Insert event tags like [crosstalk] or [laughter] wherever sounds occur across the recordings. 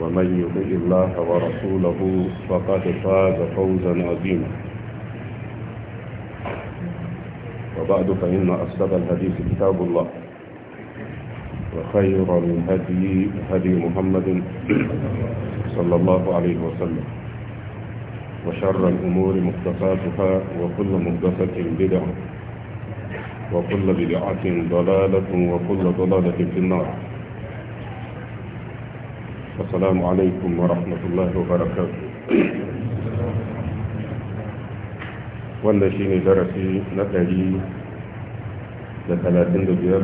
ومن يطع الله ورسوله فقد فاز فوزا عظيما وبعد فإن أصدق الحديث كتاب الله وخير الهدي هدي محمد صلى الله عليه وسلم وشر الأمور مختصاتها وكل مختصة بدعة وكل بدعة ضلالة وكل ضلالة في النار السلام عليكم ورحمة الله وبركاته وانا شيني درسي نتهي لثلاثين دبير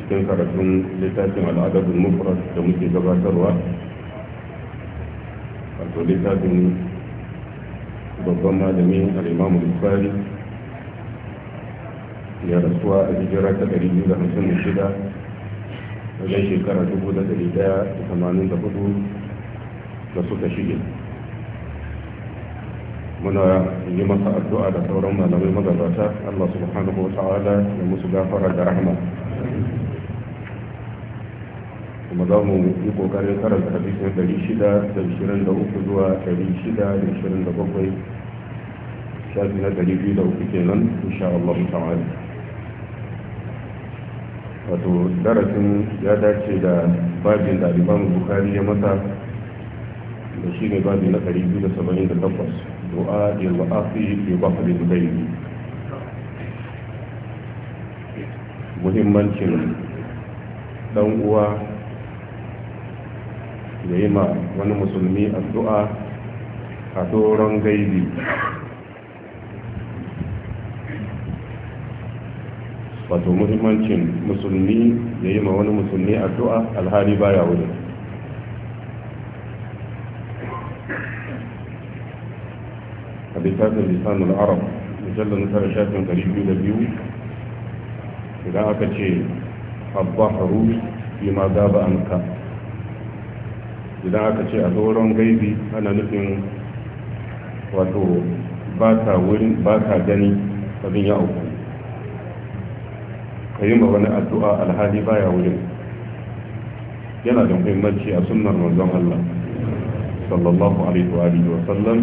شكين كرسون لتاتم العدد المفرد كمسي جبات الوقت فانتو لتاتم بضم جميع الإمام الإسلامي يرسوا الهجرات الأريجية لحسن الشدة wajen shekara dubu da dari daya da tamanin da hudu da suka shige muna yi masa addu'a da sauran malamai magabata Allah subhanahu wa ta'ala ya musu gafara da rahama kuma za mu yi kokarin karanta hadisin uku zuwa shida da da 627 shafi na 203 kenan insha Allah ta'ala wato darasin ya dace da babin da alimamu bukari ya mata da shi ne babin na da da takwas do'a 278 du'a ilwa'afi bi da dubaini muhimmancin dan uwa ya yi ma wani musulmi addu'a a doron gaibi wato muhimmancin musulmi ya yi ma wani musulmi addu'a alhali baya wurin a littafin lisanul arab mujallar nasarar shafin biyu da biyu. idan aka ce abba haru yi ma gaba amka, idan aka ce a tsoron gaibi ana nufin wato ba ta gani abin ya auku ka yi ma wani addu'a alhali baya wurin yana da muhimmanci a sunan manzon Allah sallallahu alaihi wa alihi wa sallam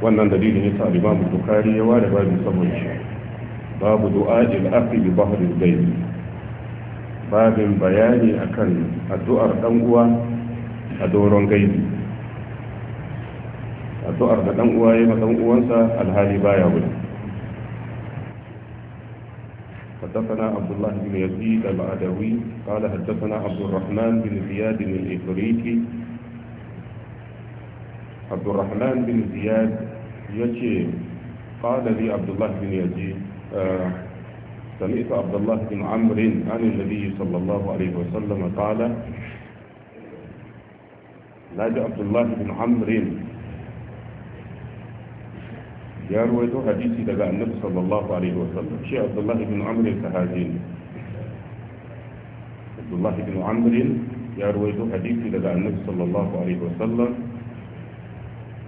wannan dalilin yasa al-Imam Bukhari ya ware babin saboda shi babu du'a il akhi bi bahri al-bayt babin bayani akan addu'ar dan uwa a doron gaibi addu'ar da dan uwa ya ma dan uwansa alhali baya wurin حدثنا عبد الله بن يزيد العدوي قال حدثنا عبد الرحمن بن زياد الإفريقي عبد الرحمن بن زياد يجي قال لي عبد الله بن يزيد آه سمعت عبد الله بن عمرو عن النبي صلى الله عليه وسلم قال ناجى عبد الله بن عمرو يارو ايدو حديثي دقاء النبي صلى الله عليه وسلم شيء عبد الله بن عمر الفهازين عبد الله بن عمر يارو ايدو حديثي دقاء النبي صلى الله عليه وسلم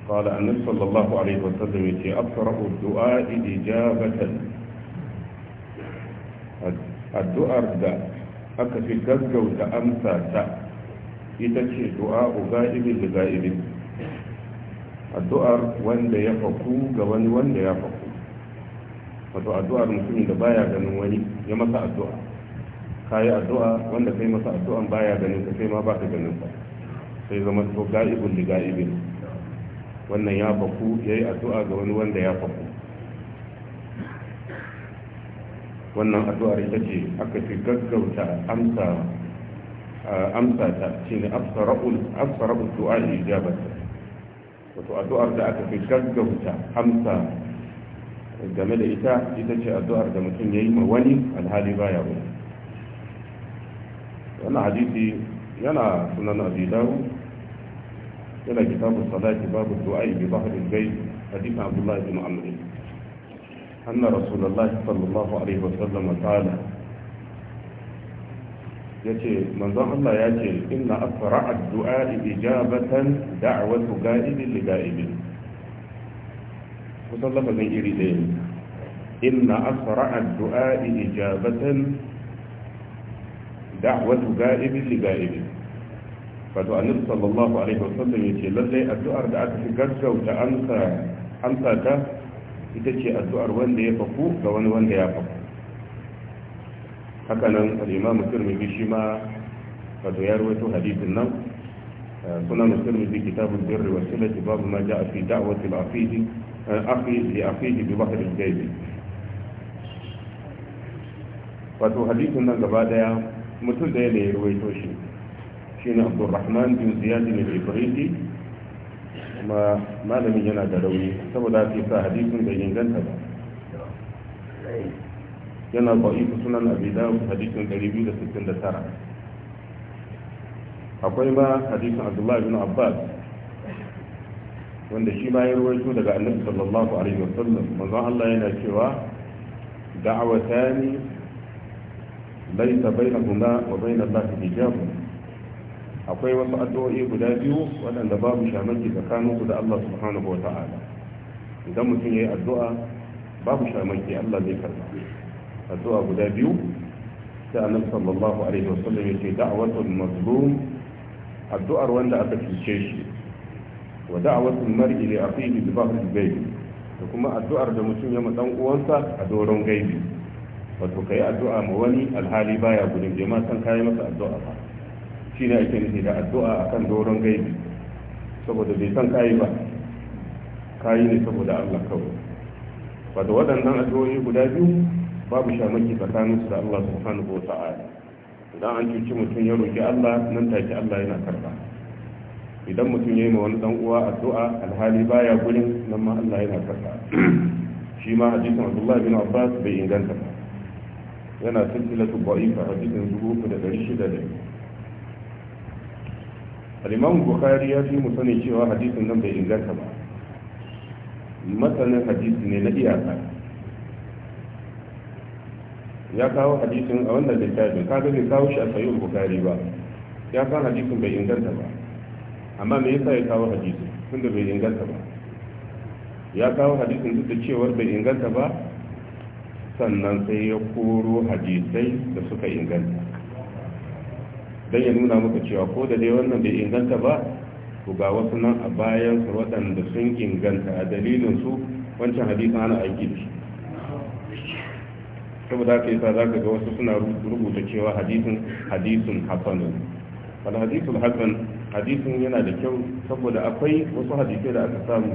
قال النبي صلى الله عليه وسلم يتي أبصر الدعاء إجابة الدعاء دا أكفي قد جوت أمسا تا إذا كي دعاء غائب لغائب addu'ar wanda ya faku ga wani wanda ya faku wato addu'ar mutumin da baya ganin wani ya masa addu'a yi addu'a wanda kai masa addu'an baya ganin ka kai ma ba ka ganin sa sai zama to ga'ibun da ga'ibin wannan ya faku ya yi addu'a ga wani wanda ya faku wannan addu'ar ita ce aka fi gaggauta amsa ta shine ne afsara'ul du'a ijabata wato addu'ar da aka fi gaggauta Hamsa game da ita ita ce addu'ar da mutum ya yi ma wani alhali baya wani wannan hadisi yana sunan abi yana kitabu salati babu du'ai bi bahril bayt hadith abdullah ibn amr anna rasulullahi sallallahu alaihi wasallam ta'ala. yace manzon Allah ya ce inna asra addu'a dua ijabatan da'watu ga'ibin li ga'ibin kusan lafazin iri ɗaya ne inna asra ad-du'a ijabatan da'watu ga'ibin li ga'ibin wato annabi sallallahu alaihi wasallam ce lallai addu'ar da aka fi gaggauta amsa amsa ta ita ce addu'ar wanda ya faku ga wani wanda ya faku haka nan al'imamu turmizi shi ma wato ya rawaito hadisin nan sunan turmizi kitabun birri wa silati babu ma ja'a fi da'wati al-afidi afi li afidi bi bahri al-gaibi wato hadisin nan gaba daya mutum da ya rawaito shi shine Abdurrahman bin Ziyad bin al-ibridi kuma malamin yana da rauni saboda haka sa hadisin bai inganta ba yana ba'ifu sunan abi dawud hadisin 269 akwai ba hadisin Abdullahi bin abbas wanda shi ma ya ruwaito daga annabi sallallahu alaihi wasallam manzon Allah yana cewa da'awatani laysa bainahuma wa baina Allah hijab akwai wasu addu'o'i guda biyu waɗanda babu shamaki tsakaninku da Allah subhanahu wa ta'ala idan mutum yayi addu'a babu shamaki Allah zai karba addu'a guda biyu annabi sallallahu alaihi yake da'watul mazlum addu'ar wanda aka cuce shi wa da'watul mar'i li aqibi bi bayt da kuma addu'ar da mutum ya dan uwansa a doron gaibi wato kai addu'a ma wani alhali baya gudun ma san kai masa addu'a ba kayi ne saboda Allah kawai wato waɗannan addu'o'i guda biyu babu shamaki tsakaninsu da Allah subhanahu wa ta'ala idan an cuci mutum ya roki Allah nan take Allah yana karba idan mutum ya yi ma wani dan uwa addu'a alhali baya gurin nan ma Allah yana karba shi ma hadisin Abdullah bin Abbas bai inganta ba yana silsilatu ba'ifa hadisin al-Imam Bukhari ya fi musani cewa hadisin nan bai inganta ba matsalin hadisi ne na iyaka ya kawo hadisin a wannan littafin ka gani kawo shi a sayyid bukari ba ya kawo hadisin bai inganta ba amma me yasa ya kawo hadisin tunda bai inganta ba ya kawo hadisin duk da cewar bai inganta ba sannan sai ya koro hadisai da suka inganta don ya nuna muka cewa ko da dai wannan bai inganta ba to ga wasu nan a bayan su waɗanda sun inganta a dalilin su wancan hadisin ana aiki da shi saboda haka yasa zaka ga wasu suna rubuta cewa hadisin hadisun hasanun wal hadisul hasan hadisin yana da kyau saboda akwai wasu hadisai da aka samu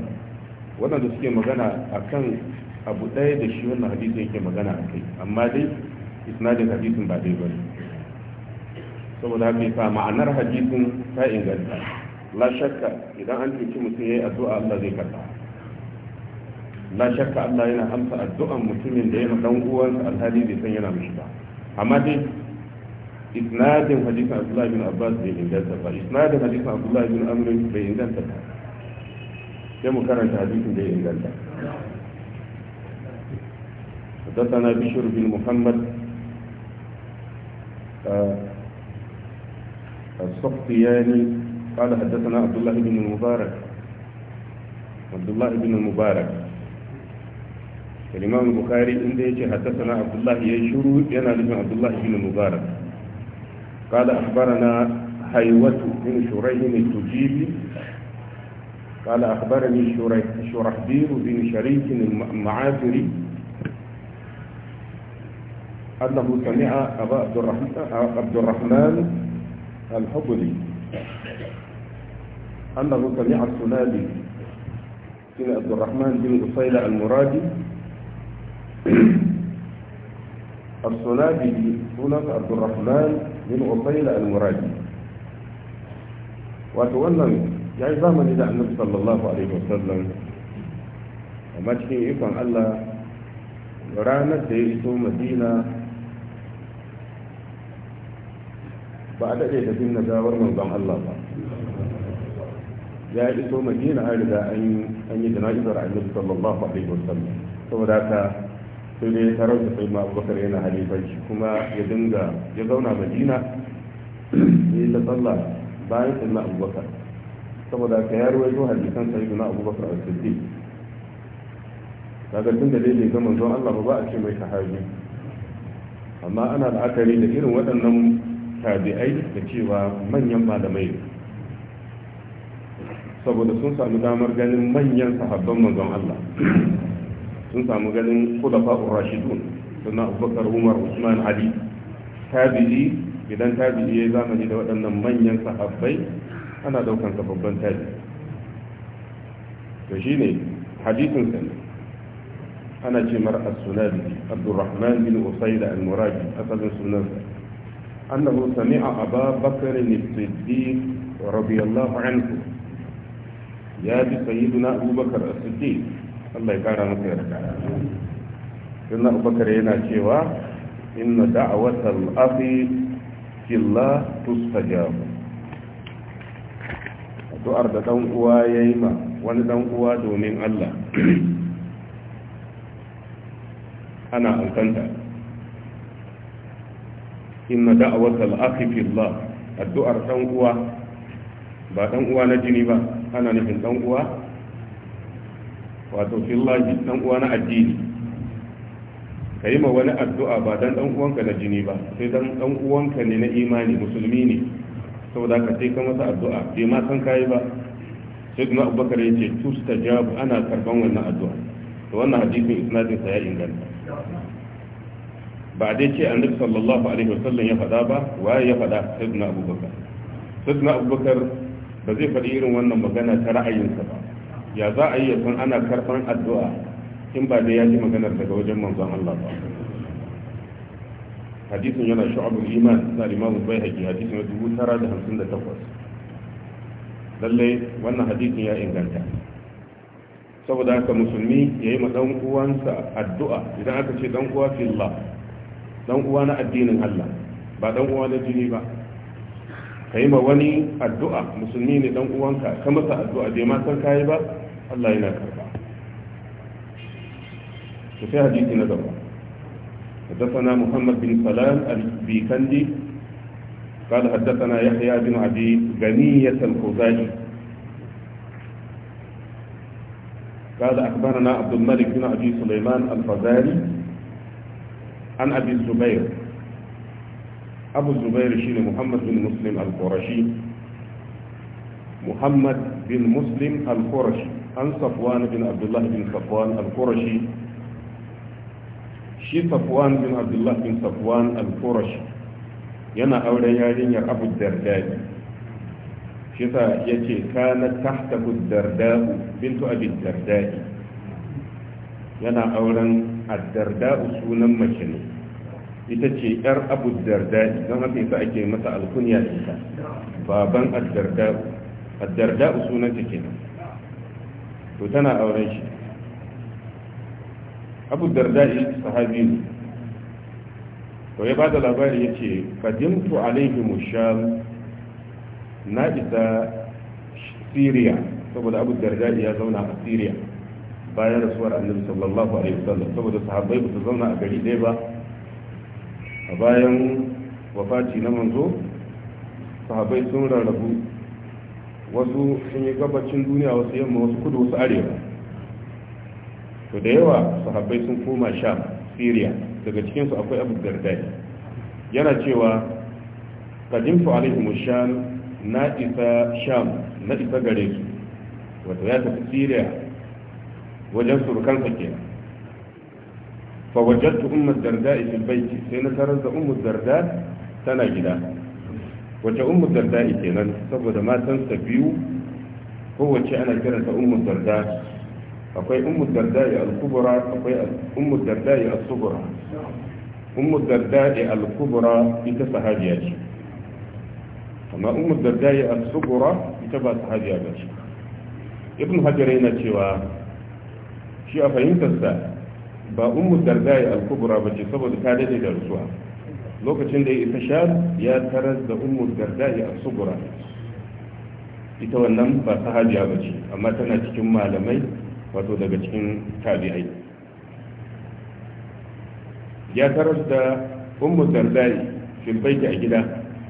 waɗanda suke magana akan abu ɗaya da shi wannan hadisin yake magana a kai amma dai isnadin hadisin ba dai bane saboda haka yasa ma'anar hadisin ta inganta la shakka idan an cuci mutum yayi addu'a Allah zai karɓa la shakka Allah yana amsa addu'an mutumin da yana dan uwansa alhali bai san yana mishi ba amma dai isnadin hadisin Abdullah bin Abbas bai inganta ba isnadin hadisin Abdullah bin Amr bai inganta ba sai mu karanta hadisin da ya inganta حدثنا بشر بن محمد السقطياني قال حدثنا عبد الله بن المبارك عبد الله بن المبارك الإمام البخاري عند حدثنا عبد الله يشرو ينال لابن عبد الله بن المبارك قال أخبرنا حيوة بن شريح التجيبي قال أخبرني شرحبير بن شريك المعافري أنه سمع أبا عبد الرحمن, عبد الرحمن الحبلي أنه سمع السنابي بن عبد الرحمن بن قصيلة المرادي الصلابي سنة عبد الرحمن بن أصيل المرادي وتولى يعني زمن إلى النبي صلى الله عليه وسلم amma cikin ikon Allah ranar da ya iso madina ba a daɗe da fin nazawar manzon Allah ba ya iso madina an riga an yi jana'izar annabi sallallahu alaihi wasallam saboda haka sai dai ya tarar da sai abubakar yana halifanci kuma ya dinga ya zauna madina ya yi tsalla bayan sai na abubakar saboda ka ya ruwaito hadisan sai na abubakar a siddi daga tun da dai bai gama zuwa allah ba a ce mai sahabi amma ana la'akari da irin waɗannan tabi'ai da cewa manyan malamai saboda sun sami damar ganin manyan sahabban manzon allah sun samu ganin khulafa'ur rashidun sannan abubakar umar usman ali tabi'i idan tabi'i ya zamani da waɗannan manyan sahabbai ana daukan sa babban tabi'i to shine hadisin sa ana ce mar as-sunabi abdurrahman bin usayd al-murabi asalin sunan annahu sami'a aba bakr bin siddiq radiyallahu anhu ya bi sayyidina abubakar as-siddiq Allah ya kara masa yarda sunna abubakar yana cewa inna da'awatal akhi killa tustajabu addu'ar da dan uwa yayi ma wani dan uwa domin Allah [clears throat] ana alkanta inna da'awatal afi fillah addu'ar dan uwa ba dan uwa na jini ba ana nufin dan uwa wato fillahi dan uwa na addini ka yi ma wani addu'a ba dan dan uwanka na jini ba sai dan dan uwanka ne na imani musulmi ne saboda ka sai ka masa addu'a bai ma san kai ba sai kuma abubakar ya ce tustajabu ana karban wannan addu'a to wannan hadisin isnadin sa ya inganta ba dai ce annabi sallallahu alaihi wasallam ya faɗa ba waye ya faɗa sayyidina abubakar sayyidina abubakar ba zai faɗi irin wannan magana ta ra'ayinsa ba ya za a yi ya san ana karfan addu'a in ba dai ya ji maganar daga wajen manzon Allah ba hadisin yana shu'abul iman na imamu bai haƙi hadisin dubu tara da hamsin da takwas lallai wannan hadisin ya inganta saboda haka musulmi ya yi ma ɗan uwansa addu'a idan aka ce ɗan uwa ɗan uwa na addinin Allah ba ɗan uwa na jini ba ka yi ma wani addu’a musulmi ne dan uwanka ka masa addu’a bai matan ka yi ba Allah yana karba ta sai hadisi na gaba ta dafana muhammad bin salam al-bikandi قال حدثنا يحيى بن عدي غنية الخزاعي قال أخبرنا عبد الملك بن عدي سليمان الفزاري عن أبي الزبير abu zubair shine muhammad bin muslim al-qurashi muhammad bin muslim al-qurashi an safwan bin abdullah bin safwan al-qurashi shi safwan bin abdullah bin safwan al-qurashi yana auren yarinyar abu dardadi shi sa ya ce kana tahta dardadu bintu abin dardadi yana auren addarda'u sunan mace ne ita ce yar abu darda don haka yasa ake masa alkuniya da ita baban addarda addarda sunanta kenan to tana auren shi abu darda sahabi ne to ya bada labari ya ce kadimtu alaihi mushal na isa siriya saboda abu darda ya zauna a siriya bayan rasuwar annabi sallallahu alaihi wasallam saboda sahabbai ba su zauna a gari ɗaya ba a bayan wafaci na manzo sahabai sun rarrabu wasu sun yi gabacin duniya wasu yamma wasu kudu wasu arewa to da yawa sahabai sun koma sha syria daga cikinsu akwai abu dardai yana cewa kadimtu alaihimu mushan na isa sham na isa gare su wato ya tafi syria wajen surukansa kenan fa wajadtu ummu darda fil bayt sai na tarar da ummu darda tana gida wace ummu darda ke nan saboda matan sa biyu kowace ana kiranta ummu darda akwai ummu darda al-kubra akwai ummu darda al-sughra ummu darda al-kubra ita sahabiya ce amma ummu darda al-sughra ita ba sahabiya ba ce ibn hajar yana cewa shi a fahimtar fahimtarsa ba ummu darzai al-kubra bace saboda ta dade da rasuwa lokacin da ya isa sham ya tarar da ummu darzai al-kubra ita wannan ba sahabiya bace amma tana cikin malamai wato daga cikin tabi'ai ya tarar da ummu darzai fil baiti a gida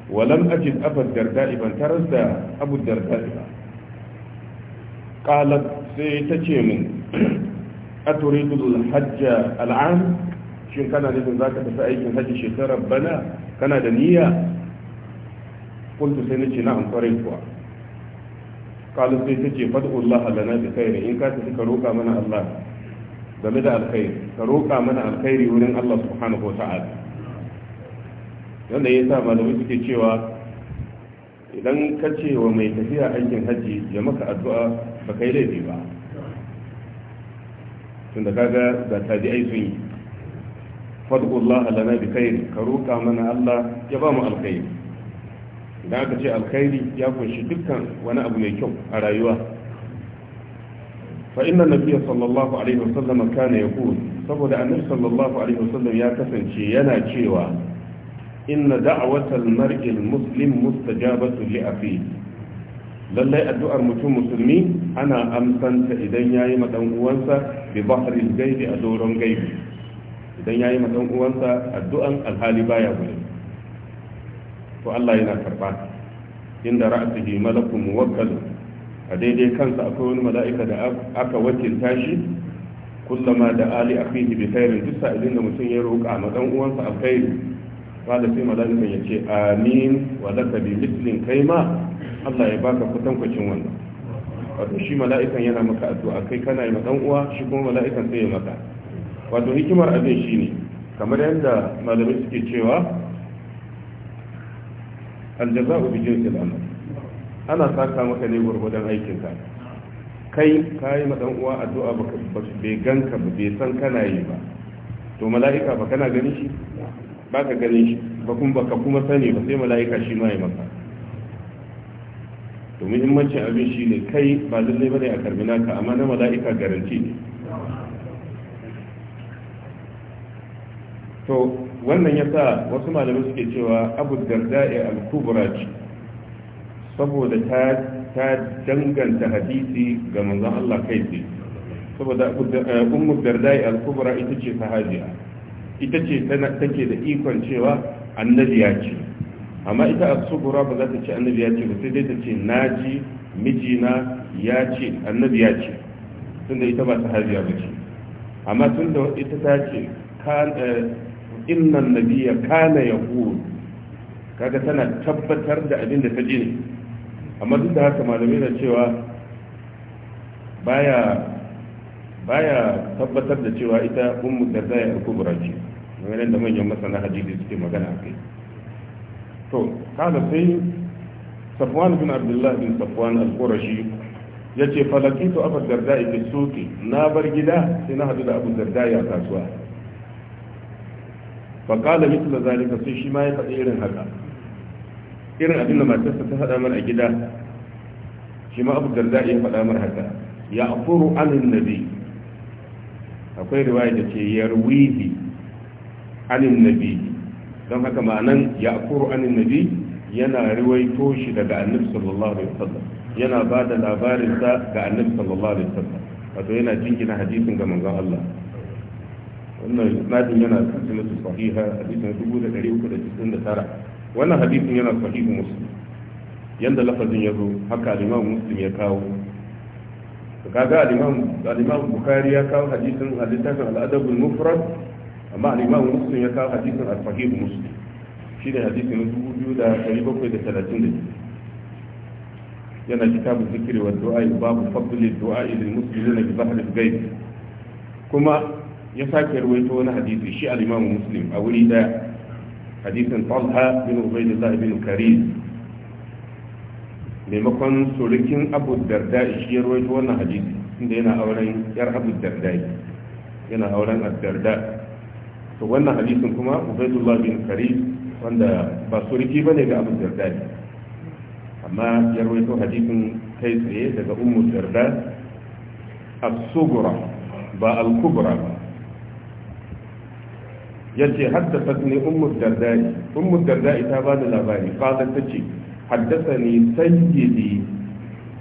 walam ajid abu darzai ban tarar da abu darzai ba qalat sai ta ce min أتريد الحج العام شين كان لازم ذاك تفأيك الحج شكرا بنا كان دنيا قلت سنتي نعم فريقها قالوا سيتجي فادعوا الله لنا بخير إن كانت تكروك من الله بمدى الخير تروك من الخير ورن الله سبحانه وتعالى wanda ya sa malamai suke cewa idan ka ce wa mai tafiya aikin hajji ya maka addu'a ba kai laifi ba tunda kaga ga tabi'ai sun yi fadullah lana bi khairi ka roƙa mana Allah ya ba mu alkhairi idan aka ce alkhairi ya kunshi dukkan wani abu mai kyau a rayuwa fa inna nabiyya sallallahu alaihi wasallam kana yaqul saboda annabi sallallahu alaihi wasallam ya kasance yana cewa inna da'watal mar'il muslim mustajabatu li afihi lallai addu'ar mutum musulmi ana amsanta idan ya yi maɗan uwansa bi baharin gaibi a doron gaibi idan ya yi maɗan uwansa addu'an alhali baya gure to Allah yana karɓa inda ra'atihi malakun muwakkal a daidai kansa akwai wani mala'ika da aka wakilta shi kullama da ali akhihi bi khairin duk sa'ilin da mutum ya roƙa maɗan uwansa alkhairi kala sai mala'ikan ya ce amin wa laka bi mislin kai ma Allah ya baka kutankwacin wannan wato shi mala'ikan yana maka addu'a kai kana yi dan uwa shi kuma mala'ikan sai ya maka wato hikimar abin shine kamar yadda malami suke cewa aljaza'u bi jinsil amal ana saka maka ne gurgudan aikinka kai kai ma dan uwa addu'a baka bai ganka ba bai san kana yi ba to mala'ika ba kana ganin shi ba ka ganin shi ba kuma ka kuma sani ba sai mala'ika shi ma ya maka to muhimmancin abin shi ne kai ba lallai bane a karbi naka amma na mala'ika garanti ne to wannan ya sa wasu malamai suke cewa abu darda'i al-kubra saboda ta danganta hadisi ga manzon Allah kai tsaye saboda ummu darda'i al-kubra ita ce sahabiya ita ce take da ikon cewa annabi ya ce amma ita a sugura ba za ta ce annabi ya ce ba sai dai ta ce na ji mijina ya ce annabi ya ce tunda ita ba ta hajiya ba ce amma tunda ita ta ce eh, innan nabiya kana ya kaga tana tabbatar da abin da ta ji ne amma duk da haka malamai na cewa baya baya tabbatar da cewa ita ummu da ya kubra ce wani da manyan masana hadisi suke magana kai to kada sai safwan bin abdullah bin safwan al-qurashi yace falakitu abu darda'i fi suqi na bar gida sai na hadu da abu darda'i a kasuwa fa qala mithla zalika sai shi ma ya faɗi irin haka irin abin da matarsa ta faɗa mana a gida shi ma abu darda'i ya faɗa mana haka ya furu anin nabi akwai riwaya da ce yarwihi anin nabi don haka ma'anan ya kuru anin nabi yana riwaito shi daga annabi sallallahu alaihi wasallam yana ba da labarin ga annabi sallallahu alaihi wasallam wato yana jingina hadisin ga manzon Allah wannan isnadin yana cikin sahiha hadisin 1399 wannan hadisin yana sahihu muslim yanda lafazin ya zo haka al-imam muslim ya kawo kaga al-imam al-imam bukhari ya kawo hadisin al-littafin al-adab al-mufrad amma al-imam muslim ya kawo hadisin al-fahim muslim shi ne hadisin 2732 yana kitabu zikiri wa du'a babu fadli du'a lil muslimina bi zahri al-ghaib kuma ya sake ruwaito wani hadisi shi al-imam muslim a wuri da hadisin Talha bin Ubaydullah bin Karim maimakon surikin abu darda shi ya ruwaito wannan hadisi inda yana auren yar abu darda yana auren ad-darda to wannan hadisin kuma ubaidullah bin kari wanda ba ba ne ga abu jardani amma ya rawaito hadisin kai tsaye daga ummu jarda as-sughra ba al-kubra ba Ya ce yace haddathatni ummu dardai ummu dardai ta bada labari ta qalat tace haddathani sayyidi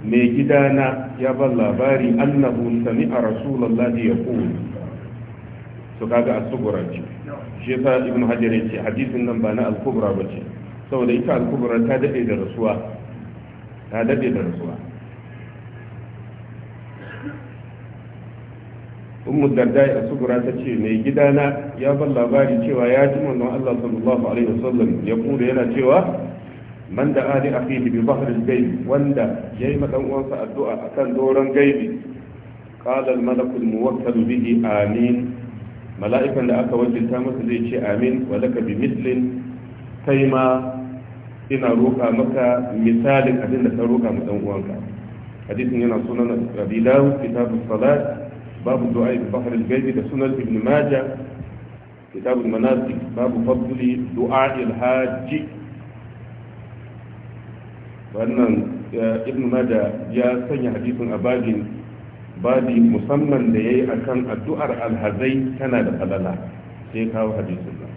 mai gidana ya ba labari annahu a sami'a rasulullahi yaqul to kaga al-kubra ce shi yasa ibn hajar yace hadisin nan ba na al-kubra bace saboda ita al-kubra ta dade da rasuwa ta dade da rasuwa ummu dardai a sugura ta ce mai gidana ya ban labari cewa ya ji manzon Allah sallallahu alaihi wasallam ya kuma yana cewa man da ali akhihi bi bahr al-gayb wanda yayi ma dan uwansa addu'a akan doron gaibi qala al-malakul muwakkal bihi amin mala'ikan da aka wajinta masa zai ce amin wa laka bi mislin kai ma ina roƙa maka misalin abin da ka roƙa mu dan uwanka hadisin yana sunan Abi Dawud kitabus salat babu du'a bahr al-ghaib da sunan Ibn Majah kitab al-manasik babu fadli du'a al-hajj wannan eh, ibn Majah ya sanya hadisin a babin babi musamman da ya yi a kan addu'ar alhazai tana da falala sai kawo hadisun nan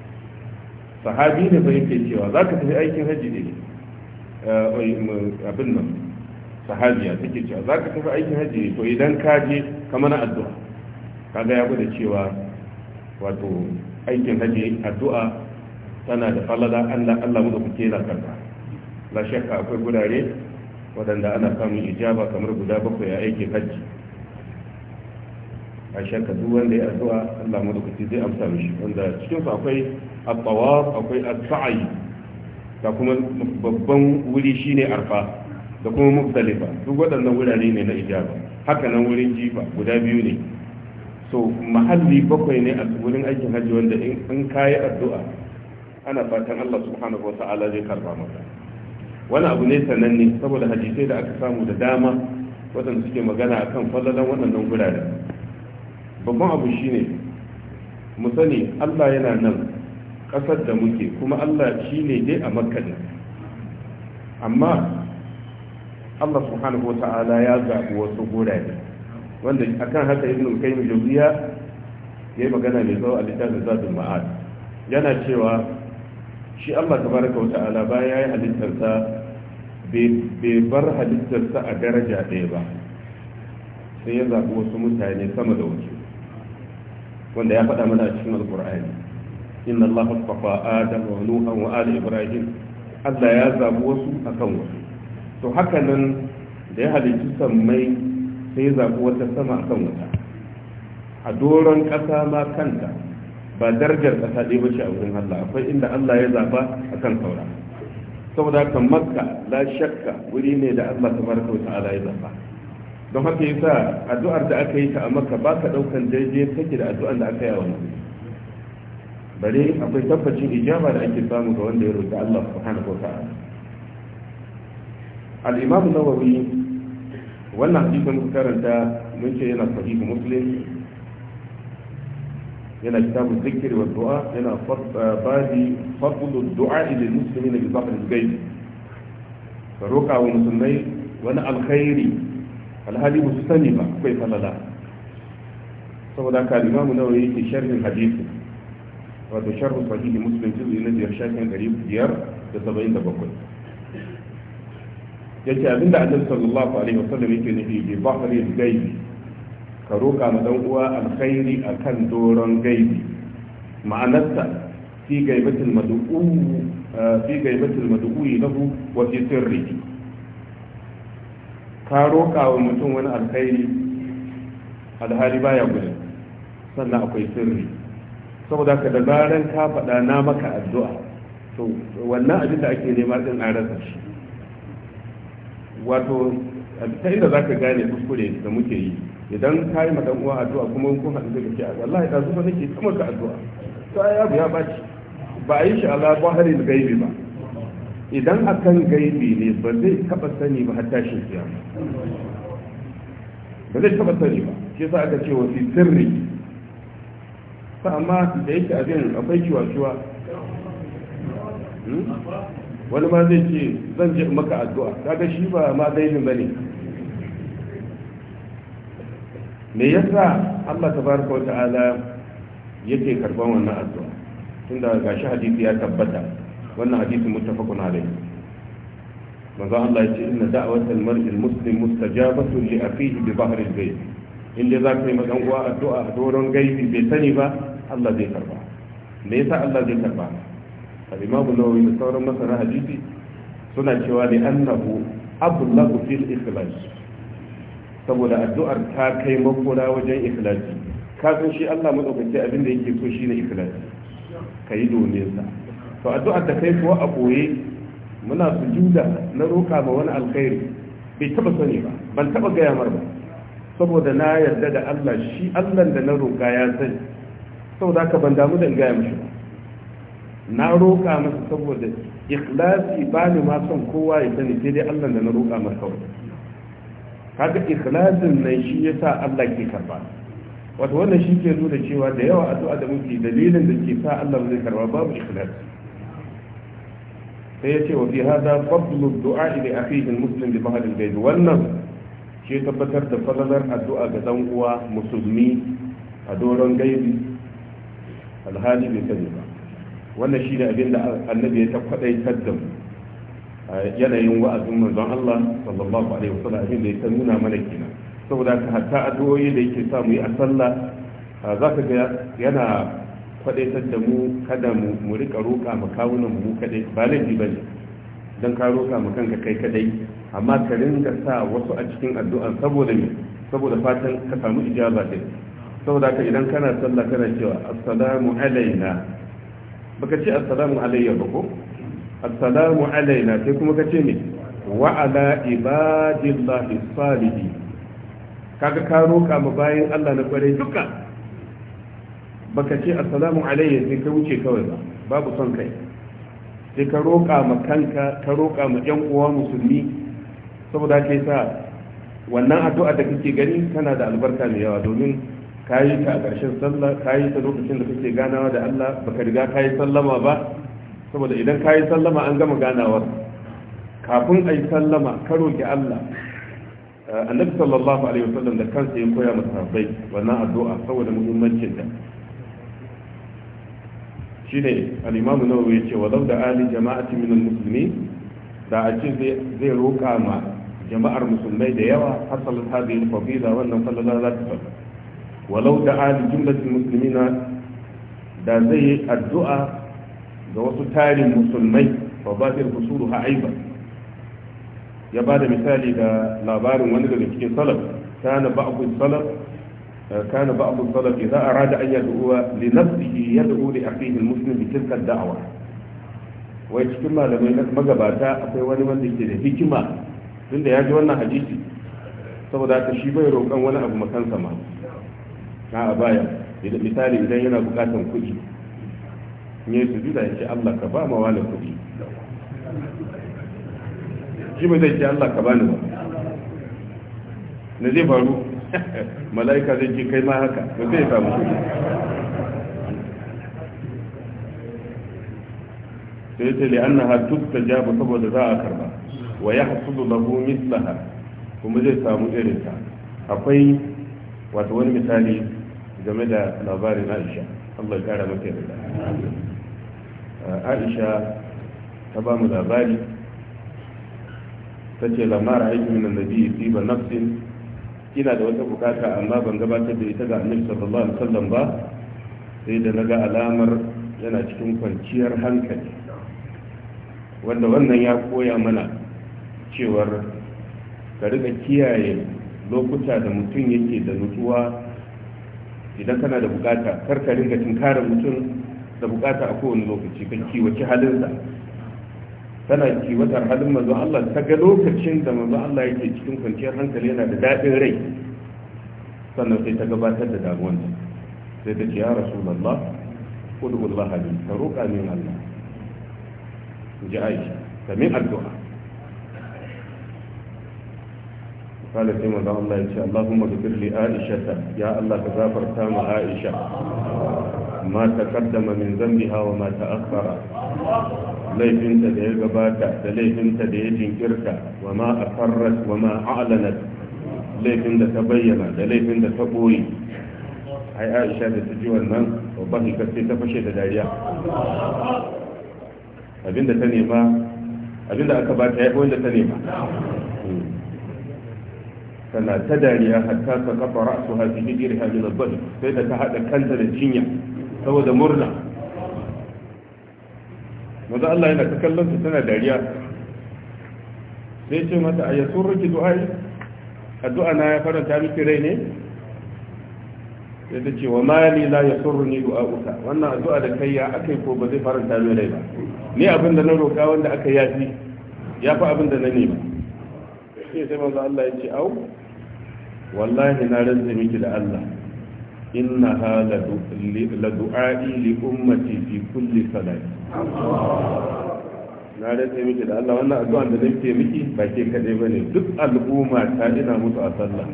sahabi ne bai ke cewa za ka tafi aikin haji ne eh, abin nan sahabiya take cewa za ka tafi aikin haji ne to idan ka je ka mana addu'a kaga ya gwada cewa wato aikin haji addu'a tana da falala allah allah mu da kuke zakarta la shakka akwai gurare waɗanda ana samun ijaba kamar guda bakwai a aikin hajji a shakka duk wanda ya addu'a Allah madaukaki zai amsa mishi wanda cikin su akwai at-tawaf akwai as-sa'i da kuma babban wuri shine arfa da kuma muftalifa duk waɗannan wurare ne na ijaba haka nan wurin jifa guda biyu ne so mahalli bakwai ne a wurin aikin hajji wanda in kayi addu'a ana fatan Allah subhanahu wa ta'ala zai karba maka wani abu ne sananne saboda hadisai da aka samu da dama waɗanda suke magana akan fadalan waɗannan wurare. babban abu shine mu sani Allah yana nan ƙasar da muke kuma Allah shi ne dai a makka amma Allah subhanahu wa ta'ala ya zaɓi wasu gurare wanda akan haka yi qayyim ya yi magana mai tsawo a littafin zafin ma'ad yana cewa shi Allah tabaraka wa ta'ala ya yi halittarsa bai bar halittarsa a daraja ɗaya ba sai ya zaɓi wasu mutane sama da wuce wanda ya faɗa mana a cikin alkur'ani inna allaha astafa adam wa nuha wa ali ibrahim Allah ya zabi wasu kan wasu to haka nan da ya halittu sammai sai ya zabi wata sama kan wata a doron ƙasa ma kanta ba darajar ƙasa ɗaya bace a wurin Allah akwai inda Allah ya zaba akan saura saboda haka makka la shakka wuri ne da Allah tabaraka wa ta'ala ya zaba don haka yasa addu'ar da aka yi ta a maka ba ka ɗaukan daidai take da addu'ar da aka yi a wani bare akwai tabbacin ijaba da ake samu ga wanda ya roƙi Allah subhanahu wata'ala al-imam nawawi wannan hadisin muka karanta mun ce yana sahihu muslim yana kitabu zikiri wa du'a yana babi fadlu du'a lil muslimin bi bahr al-ghaib ka roƙa wa musulmai wani alkhairi alhali ba su sani ba akwai falala saboda ka limamu nawa yake sharhin hadisi wato sharhu sahihi muslim juzu na biyar shafin ɗari biyar da saba'in da bakwai ya yake abinda a annabi sallallahu alaihi wasallam yake nufi bi bahri gaibi ka roƙa ma dan uwa alkhairi akan doron gaibi ma'anarsa fi gaibatul mad'u fi gaibatul mad'u lahu wa fi sirrihi ka roƙa wa mutum wani alkhairi alhali baya gudu sannan akwai sirri saboda ka da zaran ka faɗa na maka addu'a to wannan abin da ake nema din a rasa shi wato ta inda za ka gane kuskure da muke yi idan ka yi maɗan uwa addu'a kuma ko haɗu da ke azu Allah ya ɗazu ba nake kamar ka addu'a to ai abu ya baci ba a yi shi ala bahari da gaibi ba idan akan gaibi ne ba zai taba sani ba hatta shi siya ba zai taba sani ba shi sa aka ce wasi sirri ba, amma da yake abin akwai kiwa kiwa hmm? wani ma zai ce zan je maka addu'a kaga shi ba ma ba ne me yasa Allah tabaraka wa ta'ala yake karban wannan addu'a tunda shi hadisi ya tabbata wannan hadisin muttafaqun alayh manzo Allah ya ce inna da'watal mar'il muslim mustajabatu li akhihi bi bahri al-bayt in dai za ka yi ma dan uwa addu'a a doron gaibi bai sani ba Allah zai karba me yasa Allah zai karba al-imam an-nawawi da sauran masana hadisi suna cewa li annahu ablagu fil ikhlas saboda addu'ar ta kai makura wajen ikhlasi ka san shi Allah madaukaki abin da yake so shine ikhlasi kai domin sa to addu'ar da kai kuwa a koye muna sujuda na roƙa ma wani alkhairi bai taba sani ba ban taba gaya mar ba saboda na yarda da Allah shi Allah da na roƙa ya sani saboda ka ban damu da in gaya mishi ba na roƙa masa saboda ikhlasi ba ni ma son kowa ya sani sai dai Allah da na roƙa masa kawai kaga ikhlasin nan shi yasa Allah ke karba wato wannan shi ke nuna cewa da yawa addu'a da muke dalilin da ke sa Allah zai karba babu ikhlasi sai ce wa fi hada fadlu du'a li akhihi almuslim bi mahal albayt wannan shi tabbatar da falalar addu'a ga dan uwa musulmi a doron gaibi alhaji bai sani ba wannan shine abin da annabi ya takwadaitar da mu yanayin wa'azin manzon Allah sallallahu alaihi wasallam abin da ya nuna mana kenan saboda ka hatta addu'o'i da yake sa mu yi a sallah za ka ga yana kwadaitar da mu kada mu rika roƙa mu kawunan mu kadai ba laifi ba ne don ka roƙa mu kanka kai kadai amma ka ringa sa wasu a cikin addu'an saboda me saboda fatan ka samu ijaba din saboda ka idan kana sallah kana cewa assalamu alaina baka ce assalamu alayya ba ko assalamu alaina sai kuma ka ce ne wa ala ibadillahi salihin kaga ka roƙa mu bayin Allah na kware duka baka ce assalamu alayya sai ka wuce kawai ba babu son kai sai ka roƙa ma kanka ka roƙa ma ƴan uwa musulmi saboda ke sa wannan addu'a da kake gani tana da albarka mai yawa domin yi ta a ƙarshen sallah yi ta lokacin da kake ganawa da Allah baka riga ka yi sallama ba saboda idan ka yi sallama an gama ganawar kafin a yi sallama ka roƙi Allah annabi sallallahu alaihi wasallam da kansa ya koya masa bai wannan addu'a saboda muhimmancin ta shine al-imamu nawawi yace wa law ali jama'ati min al da a ce zai roka ma jama'ar musulmai da yawa hasal hadhihi al-fadila wannan fadila za wa fada walau da ali jumlatul muslimina da zai yi addu'a ga wasu tarin musulmai fa zahir husuluha ha'aiba ya bada misali da labarin wani daga cikin salaf kana ba'd salaf كان بعض السلف إذا أراد أن يدعو لنفسه يدعو لأخيه المسلم بتلك الدعوة ويشكل ما لم يكن مقباتا أخي واني من ذكره هكما عند يجي وانا حديثي saboda haka shi bai roƙon wani abu makansa ma na a baya misali idan yana buƙatar kuɗi ne su juda ya ce Allah ka ba mawa da kuɗi zai ce Allah ka bani ba na zai faru [laughs] mala'ika zai ce kai ma haka to sai ya samu kuɗi sai ta li'anna har tuk ta jaba saboda za a karba wa ya hasudu lahu mislaha kuma zai samu irin ta. akwai wata wani misali game da labarin aisha allah ya kara mata yadda aisha ta ba mu labari ta ce lamar aiki min annabi fi ba nafsin Kina da wata bukata amma ban gabatar da ita ga annabi sallallahu alaihi wasallam ba sai da naga alamar yana cikin kwanciyar hankali wanda wannan ya koya mana cewar ka riga kiyaye lokuta da mutum yake da nutsuwa idan kana da bukata kar ka ringa tunkarar mutum da bukata a kowane lokaci ka kiwace halinsa tana kiwatar halin manzo Allah ta ga lokacin da manzo Allah yake cikin kwanciyar hankali yana da daɗin rai sannan sai ta gabatar da damuwanta sai ta ce ya rasulullah ud'ullaha li ka roƙa min Allah ji Aisha ta min addu'a kala sai manzo Allah ya ce Allahumma ghfir li Aisha ya Allah ka gafarta ma Aisha ma taqaddama min dhanbiha wa ma ta'akhkhara laifinta da ya gabata da laifinta da ya jinkirta wa ma asarrat wa ma a'lanat laifin da ta bayyana da laifin da ta boye ai Aisha da ta ji wannan babban sai ta fashe da dariya abinda ta nema abinda aka ba ta yafi wanda ta nema tana ta dariya hatta ta kafa ra'su hafi hijirha min al sai da ta hada kanta da jinya saboda murna wanda Allah yana ta kallon su tana dariya sai ce mata a yasun riki du'ai addu'a na ya faranta miki rai ne sai ta ce wa mali la du'a du'a'uka wannan addu'a da kai ya aka yi ko ba zai faranta min rai ba ni abin da na roƙa wanda aka yafi ya fi abin da na nema sai sai manzo Allah ya ce au wallahi na rantsa miki da Allah إنها لدعائي لأمتي في كل صلاة na da sai miki da Allah wannan addu'a da nake miki ba ke kade bane duk al'umma ta ina musu a sallah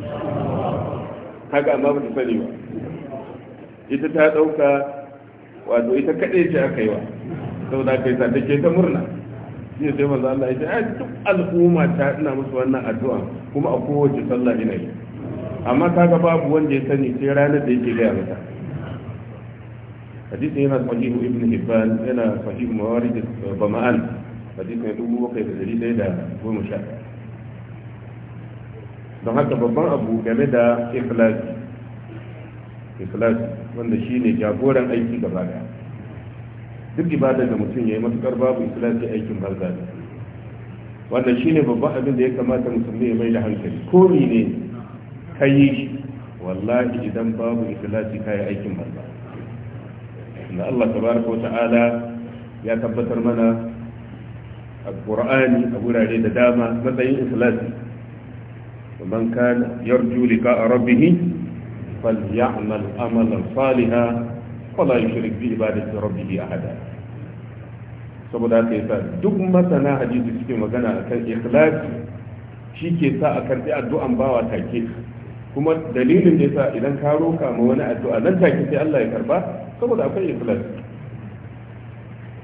haka amma ba ta sani ba ita ta dauka wato ita kade ce aka yi wa saboda kai ta take ta murna shi sai manzo Allah ya ce duk al'umma ta ina musu wannan addu'a kuma a kowace sallah ina yi amma ga babu wanda ya sani sai ranar da yake gaya mata hadisin yana sahihu ibn hibban yana sahihu mawarid eh, bama'an hadisin dubu bakwai da dari ɗaya da goma sha don haka babban abu game da ikhlasi ikhlasi wanda shine jagoran aiki gaba daya duk ibada da mutum ya yi matukar babu ikhlasi aikin banza ne wanda shine babban abin da ya kamata musulmi ya mai da hankali ko ne ka yi shi wallahi idan babu ikhlasi kai aikin banza inda Allah tabaraka wa ta'ala ya tabbatar mana a Qur'ani a gurare da dama matsayin ikhlasi man kana yarju liqa rabbih falyamal amalan salihan wala yushrik bi ibadati rabbih ahada saboda haka yasa duk masana hadisi suke magana akan ikhlasi shi ke sa a karbi addu'an bawa take kuma dalilin da yasa idan ka roka ma wani addu'a nan take sai Allah ya karba saboda akwai ikhlas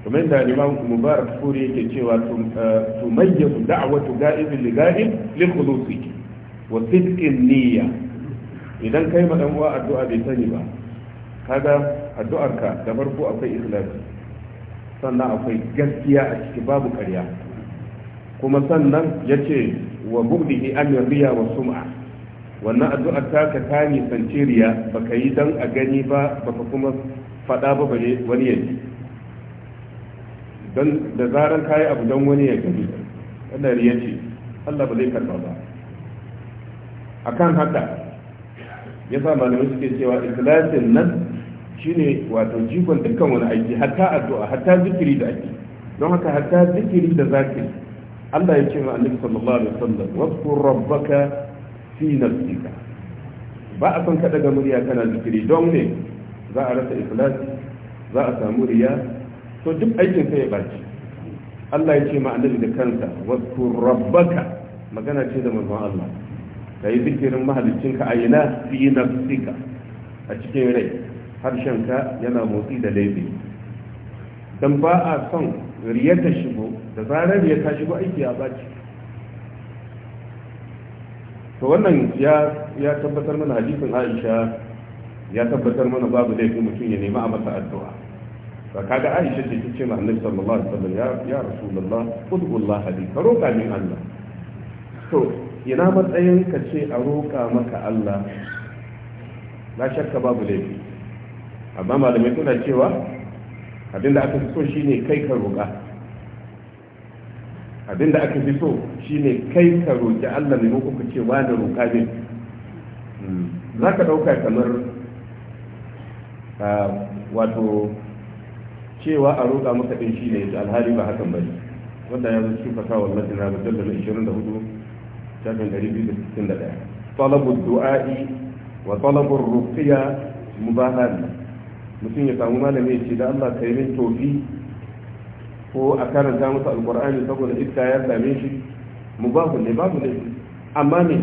kamar da Imam Mubarak Furi yake cewa eh, tumayyazu da'watu ga'ibin li ga'ib li khulusi wa sidqin niyya idan kai ma dan uwa addu'a bai sani ba kaga addu'arka da farko akwai ikhlas sannan akwai gaskiya a ciki babu karya kuma sannan yace wa bugdihi an riya wa sum'a wannan addu'ar taka ta nisanci riya baka yi dan a gani ba baka kuma faɗa ba wani ya ji don da zarar yi abu don wani ya gani wannan riya ce Allah ba zai karba ba akan haka ya sa malamai suke cewa ikhlasin nan shine wato jikon dukkan wani aiki hatta addu'a hatta zikiri da aiki, don haka hatta zikiri da zakiri Allah ya ce wa annabi sallallahu alaihi wasallam wazkur rabbaka fi nafsika ba a son kaɗa ga murya kana zikiri don ne za a rasa ikhlas za a samu riya to duk aikin sai ya barci Allah ya ce ma annabi da kansa wasu rabbaka magana ce da manzon Allah ka yi zikirin mahaliccinka a yana fi nafsika a cikin rai harshenka yana motsi da laifi don ba a son riya ta shigo da zarar ya ta shigo aiki a baci to wannan ya tabbatar mana hadisin aisha ya tabbatar mana babu laifi mutum ya nemi a masa addu'a ba kaga aisha ce ce ma annabi sallallahu alaihi wasallam ya ya rasulullah qulullah hadi ka roka min Allah to ina matsayin ka ce a roka maka Allah la shakka babu laifi amma malamai suna cewa abinda aka so shine kai ka roka Abin da aka fi so shi ne kai ka roƙi Allah ne ko ka ce wa da roƙa ne hmm. za ka ɗauka kamar ah, wato cewa a roƙa maka ɗin shi ne alhari ba hakan bane wanda ya zo cikin fasawar lajina da dalilin 24 shafin 261 talabu du'a'i wa mu ba mubahan mutum ya samu malami ya ce da Allah ka yi min tofi ko a karanta musu alkur'ani saboda iska ya same shi mu babu ne babu ne amma ne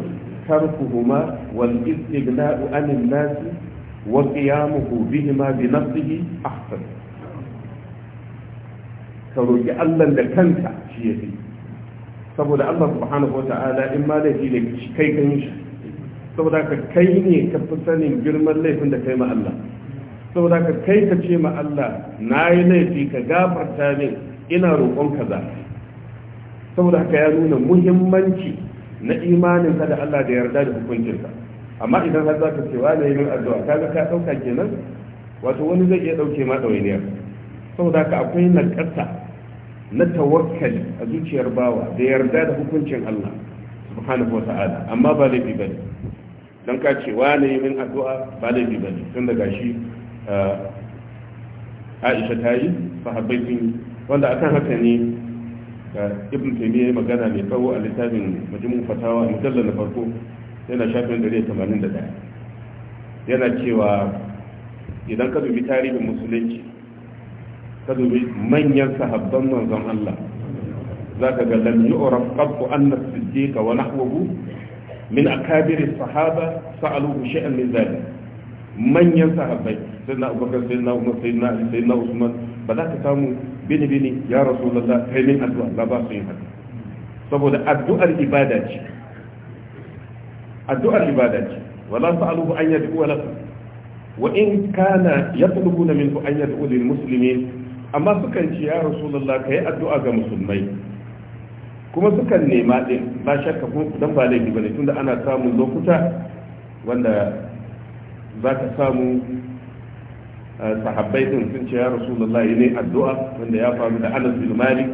tarkuhuma wal istighna'u anil nasi wa qiyamuhu bihima bi nafsihi ahsan ka roki Allah da kanka shi yafi saboda Allah subhanahu wata'ala in ma laifi ne kai kan shi saboda ka kai ne ka fi sanin girman laifin da kai ma Allah saboda ka kai ka ce ma Allah na yi laifi ka gafarta ne ina roƙon kaza saboda haka ya nuna muhimmanci na imanin ka da Allah da yarda da hukuncinsa amma idan har zaka ce wa yi min addu'a kaga ka dauka kenan wato wani zai iya dauke ma dawainiya saboda haka akwai nakasa na tawakkali a zuciyar bawa da yarda da hukuncin Allah subhanahu wata'ala amma ba laifi bane dan ka ce wa yi min addu'a ba laifi bane tun daga shi ah, Aisha ta yi sahabbai sun yi wanda akan haka ne ibn taymiya ya magana mai tsawo a littafin majmu fatawa mujallal na farko yana shafin 181 yana cewa idan ka dubi tarihin musulunci ka dubi manyan sahabban manzon Allah zaka ga lam yu'raf qabbu anna as-siddiq wa nahwuhu min akabir as-sahaba sa'aluhu shay'an min dhalik manyan sahabbai sayyidina Abubakar sayyidina Umar sayyidina Ali sayyidina Usman ba za ka samu bini bini ya rasulullah kai min addu'a la ba su yin haka saboda addu'ar ibada ce addu'ar ibada ce wala sa'aluhu an yad'u lakum wa in kana yatlubuna minhu an yad'u lil muslimin amma sukan ce ya rasulullah kai addu'a ga musulmai kuma sukan nema din ba shakka ko dan ba laifi bane tunda ana samun lokuta wanda za ka samu sahabbai din sun ce ya rasulullahi ne addu'a wanda ya faru da anas bin malik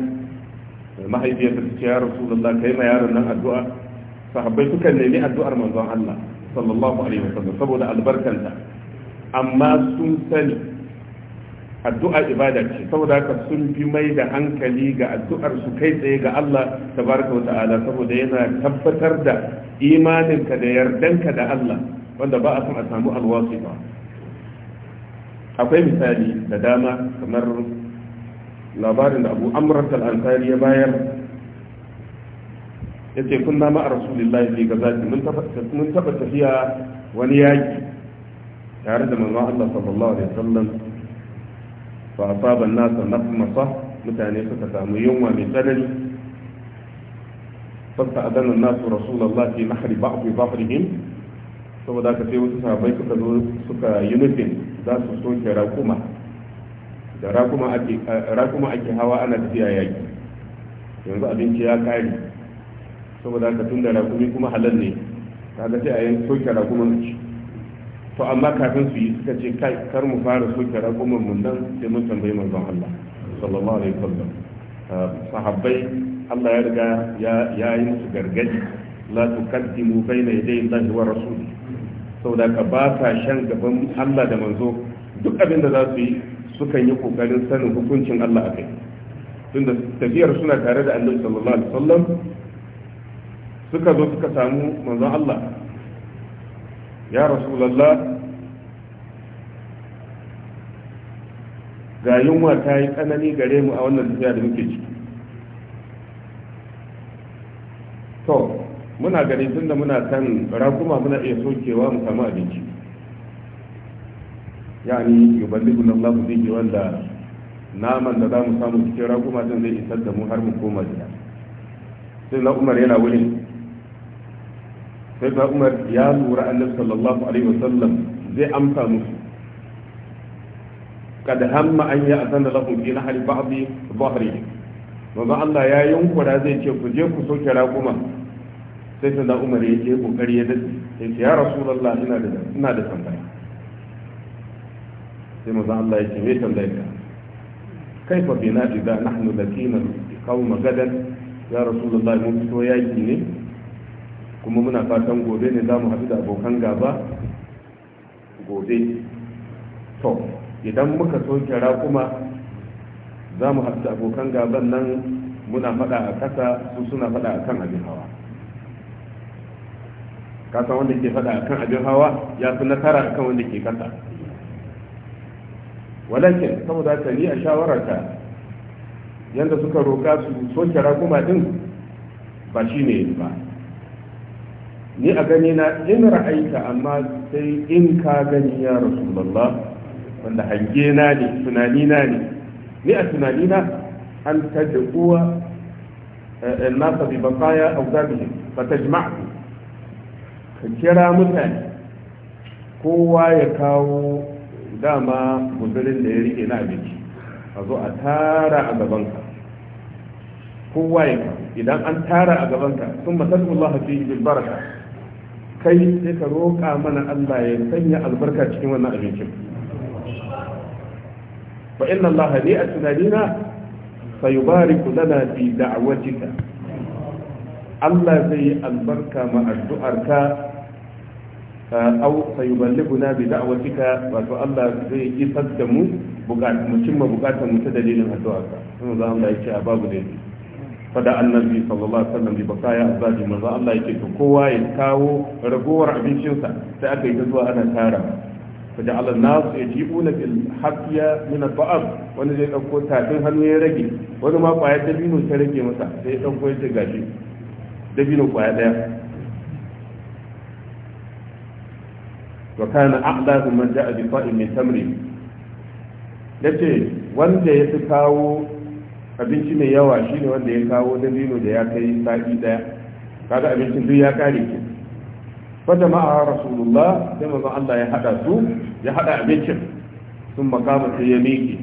mahaifiyarsa ta ce ya rasulullah kai ma yaron nan addu'a sahabbai suka nemi addu'ar manzon Allah sallallahu alaihi wasallam saboda albarkanta amma sun sani addu'a ibada ce saboda haka sun fi mai da hankali ga addu'ar su kai tsaye ga Allah tabaraka wa ta'ala saboda yana tabbatar da imaninka da yardanka da Allah wanda ba a san a samu alwasi ba akwai misali da dama kamar labarin da abu amurat ansari ya bayar ya ce kun nama a rasulullahi fi gaza mun taba tafiya wani yaki tare da manzon Allah sallallahu alaihi wasallam fa asaba an-nas naqmasa mutane suka samu yunwa mai tsanani fasta adana an-nas rasulullahi fi nahri bi bahrihim saboda ka sai wasu sahabbai suka zo suka yi nufin za su soke rakuma da rakuma ake hawa ana tafiya yaki yanzu abinci ya kare saboda haka tun da rakumi kuma halal ne kaga sai a yi soke rakuman ci to amma kafin su yi suka ce kai kar mu fara soke rakuman mun nan sai mun tambayi manzon Allah sallallahu alaihi wasallam ah, sahabbai Allah ya riga ya yi musu gargadi la tuqaddimu bayna yaday Allah wa rasuli saboda ka ba sa shan gaban Allah da manzo duk abin da za su yi sukan yi kokarin sanin hukuncin Allah a kai tunda tafiyar suna tare da annabi sallallahu alaihi wasallam suka zo suka samu manzon Allah ya rasulullah ga yunwa ta yi tsanani gare mu a wannan tafiya da muke ciki to muna gani tun da muna san rakuma muna iya sokewa mu samu abinci yani yuballigu na Allah bihi wanda naman da za mu samu cikin rakuma din zai isar da mu har mu koma gida sai na Umar yana wurin sai na Umar ya lura Annabi sallallahu alaihi wasallam zai amsa musu kad hamma an ya azana lahum fi nahri ba'dhi dhahri manzo Allah ya yunkura zai ce ku je ku soke rakuma sai ta da umar ya ce kokari ya dace ya ce ya rasulullah ina da ina da tambaya sai manzo Allah ya ce me tambayar ka kaifa bina da nahnu lakina qaum gadan ya rasulullah mun fito yaki ne kuma muna fatan gobe ne za mu haɗu da abokan gaba gobe to idan muka kira kuma za mu haɗu da abokan gaban nan muna faɗa a ƙasa su suna faɗa a kan abin hawa ka san wanda ke faɗa akan abin hawa ya fi nasara akan wanda ke kasa walakin saboda ta ni a shawararta yadda suka roƙa su soke raguma din ba shi ne ba ni a gani na in ra'aita amma sai in ka gani ya rasulullah wanda hange na ne tunani na ne ni a tunani na an tajjuwa الناس ببقايا أوزانهم فتجمعهم ka kira mutane kowa ya kawo dama guzurin da ya rike na abinci a zo a tara a gabanka kowa ya kawo idan an tara a gabanka sun masallallahu fi bil baraka kai sai ka roƙa mana Allah ya sanya albarka cikin wannan abincin fa inna Allah ne a tunanina sayubariku lana fi da'awatika Allah zai yi albarka ma addu'arka au sayuballiguna bi da'watika wato Allah zai isar da mu bukatun mu cimma bukatun mu ta dalilin addu'a ka za mu yake a babu da yake fada annabi sallallahu alaihi wasallam bi bakaya azabi manzo Allah yake to kowa ya kawo ragowar abincinsa sai aka yi ta zuwa ana tara fada Allah nasu yajibuna bil hafiya min al-ba'd wani zai dauko tafin hannu ya rage wani ma kwaya ta rage masa sai ya dabino kwaya daya wa kana aqdahu man ja'a bi ta'im tamri yace wanda ya fi kawo abinci mai yawa shine wanda ya kawo dabino da ya kai sa'i daya kaga abincin duk ya kare ki fada ma'a rasulullah sai manzon Allah ya hada su ya hada abincin sun makama sai ya miƙe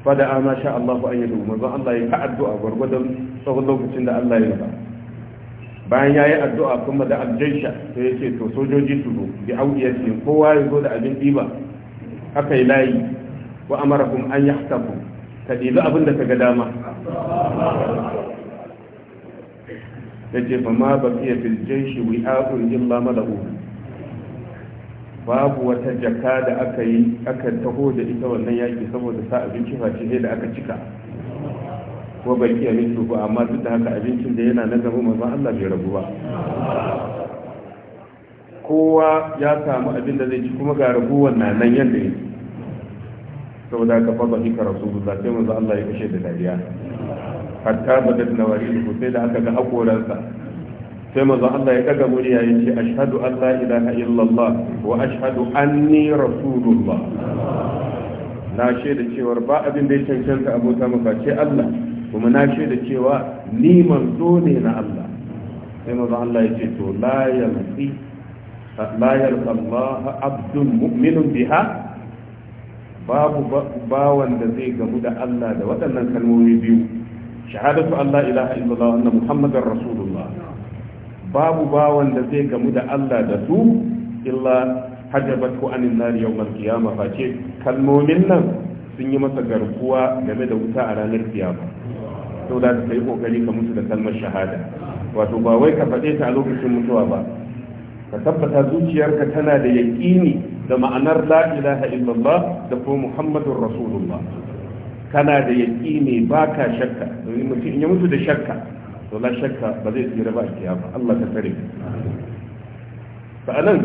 fada ma sha Allah an yadu manzon Allah ya ka addu'a gwargwadon tsawon lokacin da Allah ya raba bayan ya yi addu'a kuma da aljaisha sai ya ce to sojoji su zo bi audiyar kowa ya zo da abin ɗiba aka yi layi wa amara kuma an yi hasafu ka ɗibi abin da ka ga dama ya ce fa ma ba fiye filjen shi ba mada malahu babu wata jaka da aka yi aka taho da ita wannan yaƙi saboda sa abin abinci ne da aka cika ko bai iya nufi amma duk da haka abincin da yana na gaba manzon Allah bai rabu ba kowa ya samu abin da zai ci kuma ga raguwan na nan yanda yake saboda haka fa bai ka rasulullah sai manzon Allah ya kashe da dariya hatta badat nawaridu sai da aka ga hakoransa sai manzon Allah ya kaga murya ya ce ashhadu an la ilaha illallah wa ashhadu anni rasulullah na shaida cewar ba abin da ya cancanta abota maka ce Allah kuma na da cewa ni manzo ne na Allah sai manzo Allah ya ce to la yalqi la yalqa abdun mu'minun biha babu bawan da zai gamu da Allah da waɗannan kalmomi biyu shahadatu Allah ilaha illallah anna muhammadar rasulullah babu bawan da zai gamu da Allah da su illa hajabatu anin nar yawmal qiyamah ce kalmomin nan sun yi masa garkuwa game da wuta a ranar kiyama sau da ka yi kokari ka mutu da kalmar shahada wato ba wai ka faɗe ta a lokacin mutuwa ba ka tabbata zuciyarka tana da yaƙini da ma'anar la ilaha illallah da kuma muhammadun rasulullah kana da yaƙini ba ka shakka domin mutum ya mutu da shakka to la shakka ba zai tsira ba a kiyama Allah ta tare sa'anan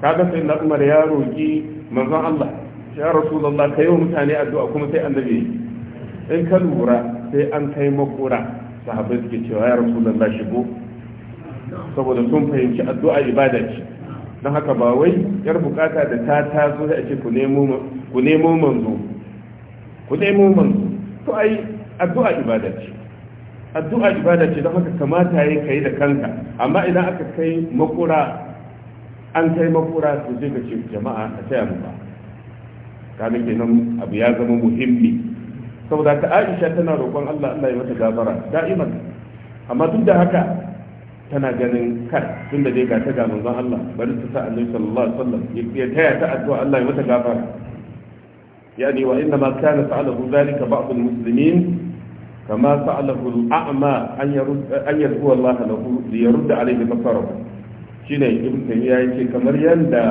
kaga sai na Umar ya roki manzon Allah ya rasulullah yi wa mutane addu'a kuma sai annabi in ka lura sai an kai makura sahabai suke cewa ya rasulullah shigo saboda sun fahimci addu'a ibada ce don haka ba wai yar bukata da ta taso da ake ku nemo manzo ku nemo manzo to ai addu'a ibada ce addu'a ibada ce don haka kamata ya kai da kanka amma idan aka kai makura an kai makura to zai ka ce jama'a a taya mu ba ke kenan abu ya zama muhimmi saboda ka aisha tana roƙon allah allah ya mata gafara da'iman amma tun da haka tana ganin kar tun da dai ga ta ga manzon allah bari ta sa annabi sallallahu alaihi wasallam ya taya ta addu'a allah ya mata gafara يعني وإنما كان فعله ذلك بعض المسلمين كما فعله الأعمى أن يرد أن يدعو الله له ليرد عليه بصره شنو ابن تيمية يقول كمر يندى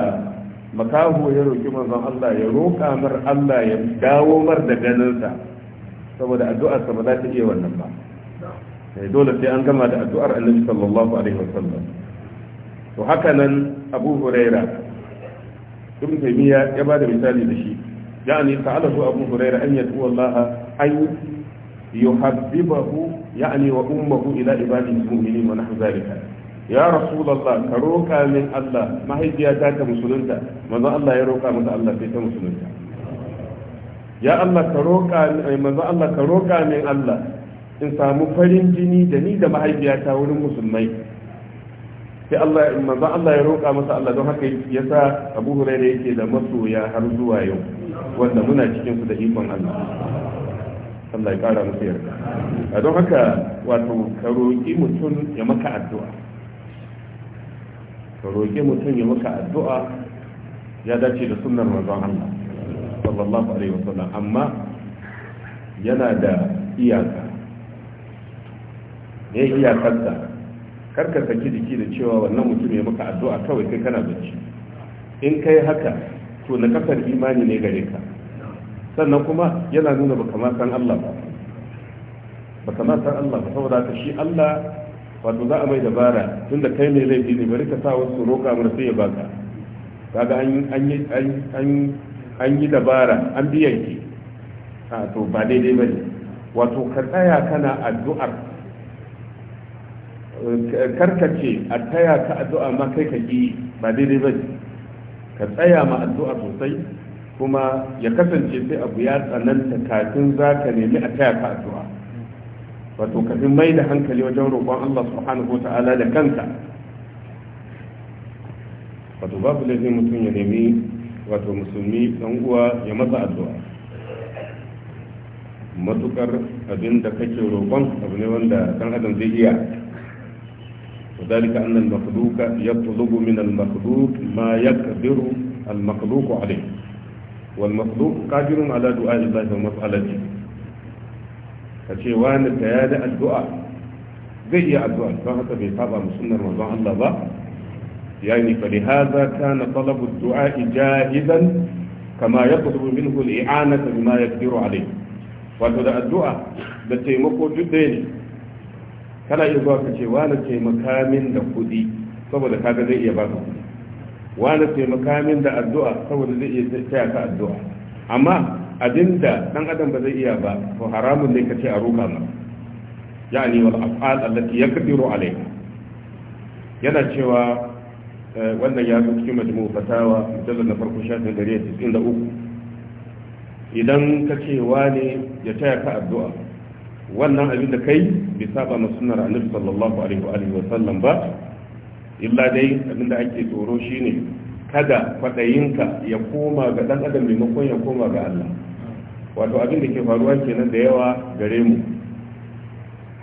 مكاهو يروي كما الله يروك أمر الله يداومر دجنسا saboda addu'arsa ba za ta iya wannan ba eh, dole sai an gama da addu'ar annabi sallallahu alaihi wasallam to haka nan abu huraira ibn taymiya ya bada misali da shi yani sa'alahu abu huraira an yadu Allah an yuhabbibahu yani wa ummuhu ila ibadihi mu'minin wa nahwu zalika ya rasulullah ka roka min Allah mahaifiyata ta musulunta manzo Allah ya roka masa Allah sai ta musulunta ya Allah ka roƙa ai eh, manzo Allah ka roƙa min Allah in samu farin jini da ni da mahaifiyata wurin musulmai sai Allah manzo Allah ya roƙa masa Allah don haka yasa Abu Hurairah yake da masoya har zuwa yau wanda muna cikin su da ikon Allah Allah ya ƙara musu yarda a don haka wato ka roƙi mutum ya maka addu'a ka roƙi mutum ya maka addu'a ya dace da sunnar manzon Allah sallallahu alaihi wasallam amma yana da iyaka ne iyakarsa karka saki jiki da cewa wannan mutum ya maka addu'a kawai kai kana bacci in kai haka to na kafar imani ne gare ka sannan kuma yana nuna baka ma san Allah ba baka ma san Allah ba saboda ka shi Allah wato za a mai dabara tunda kai ne laifi ne bari ka sa wasu roƙa mun sai ya baka kaga an an an an yi dabara an biyan ki a to ba daidai ba ne wato ka tsaya kana addu'ar eh, karkace a taya ka addu'a ma kai ka yi ba daidai ba ne ka tsaya ma addu'a sosai kuma ya kasance sai abu ya tsananta kafin za ka nemi a taya ka addu'a wato ka fi mai da hankali wajen roƙon Allah subhanahu ta'ala da kanka wato babu laifin mutum ya nemi wato musulmi uwa ya masa addu'a matukar abinda da kake roƙon abu ne wanda ɗan adam zai iya to dalika an min al ma ya kabiru al-makaduku alai wal makaduk kajirun ala du'a illahi wa mas'alati ka ce wani ta yada addu'a zai iya addu'a don haka bai saba musulmar manzon Allah ba yani fa lihaza kana talabu du'a jahizan kama yatlubu minhu al-i'anata bima yaqdiru alayh wato da addu'a da taimako duk ne kana iya zuwa ka ce wani taimaka min da kuɗi saboda kaga zai iya baka kuɗi wani taimaka min da addu'a saboda zai iya taya ka addu'a amma abinda ɗan adam ba zai iya ba to haramun ne ka ce a roƙa ma yani wal af'al allati yaqdiru alayha yana cewa Eh, wannan ya zo cikin majmu fatawa mujallar na farko shafin gari tisin da uku idan ka ce wani ya taya ka addu'a wannan abin da kai bai saba ma sunnar annabi sallallahu alaihi wa wa sallam ba illa dai abin da ake tsoro shine kada fadayinka ya koma ga dan adam maimakon ya koma ga Allah wato abin da ke faruwa kenan da yawa gare mu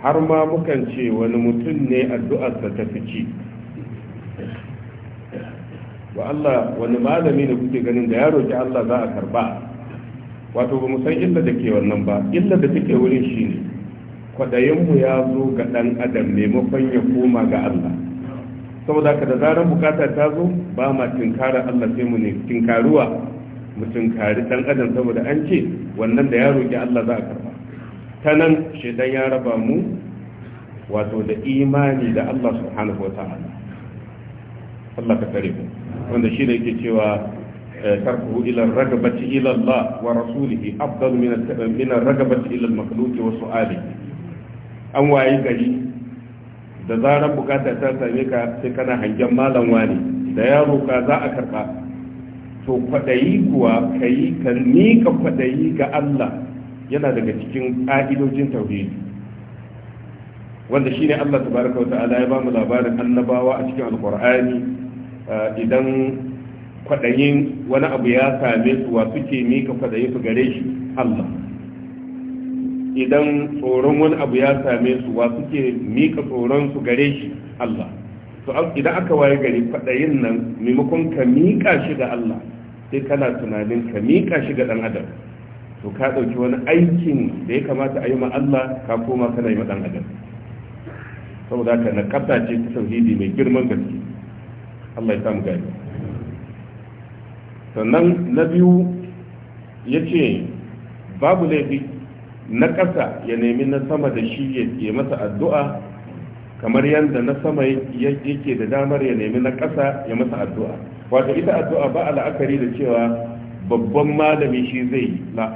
har ma mukan ce wani mutum ne addu'arsa ta fice? to Allah wani malami da kuke ganin da ya roki Allah za a karba wato ba mu san illa da ke wannan ba illa da take wurin shi ne mu ya zo ga ɗan adam maimakon ya koma ga Allah saboda ka da zaran bukata ta zo ba ma tinkara Allah sai mu ne tinkaruwa mu tinkari ɗan adam saboda an ce wannan da ya roki Allah za a karba ta nan shaidan ya raba mu wato da imani da Allah subhanahu wa ta'ala Allah ka kare mu wanda shi ne ke cewa eh, tarkuhu ila ragabati ila Allah wa rasulihi afdal min min ragabati ila al-makhluq wa an wayi gari da zarar bukata ta same ka sai kana hangen malam wani da yaro ka za a karba to kwadayi kuwa kai ka ka kwadayi ga Allah yana daga cikin ƙa'idojin tauhidi wanda shine Allah tabaraka ta'ala ya bamu labarin annabawa a cikin alqur'ani Eh, idan kwaɗayin wani abu ya same su wa suke mika kwaɗayin su gare shi Allah idan tsoron wani abu ya same su wa suke mika tsoron su gare shi Allah to idan aka waye gari kwaɗayin nan maimakon ka mika shi ga Allah sai kana tunanin ka mika shi ga ɗan adam to ka ɗauki wani aikin da ya kamata a yi ma Allah ka koma kana yi ma ɗan adam saboda haka na ce ta tauhidi mai girman gaske Allah ya samu gani sannan na biyu ya ce babu laifi na ƙasa ya nemi na sama da shi ya masa addu'a kamar yadda na sama yake da damar ya nemi na ƙasa ya masa addu'a wato ita addu'a ba a la'akari da cewa babban malami shi zai yi la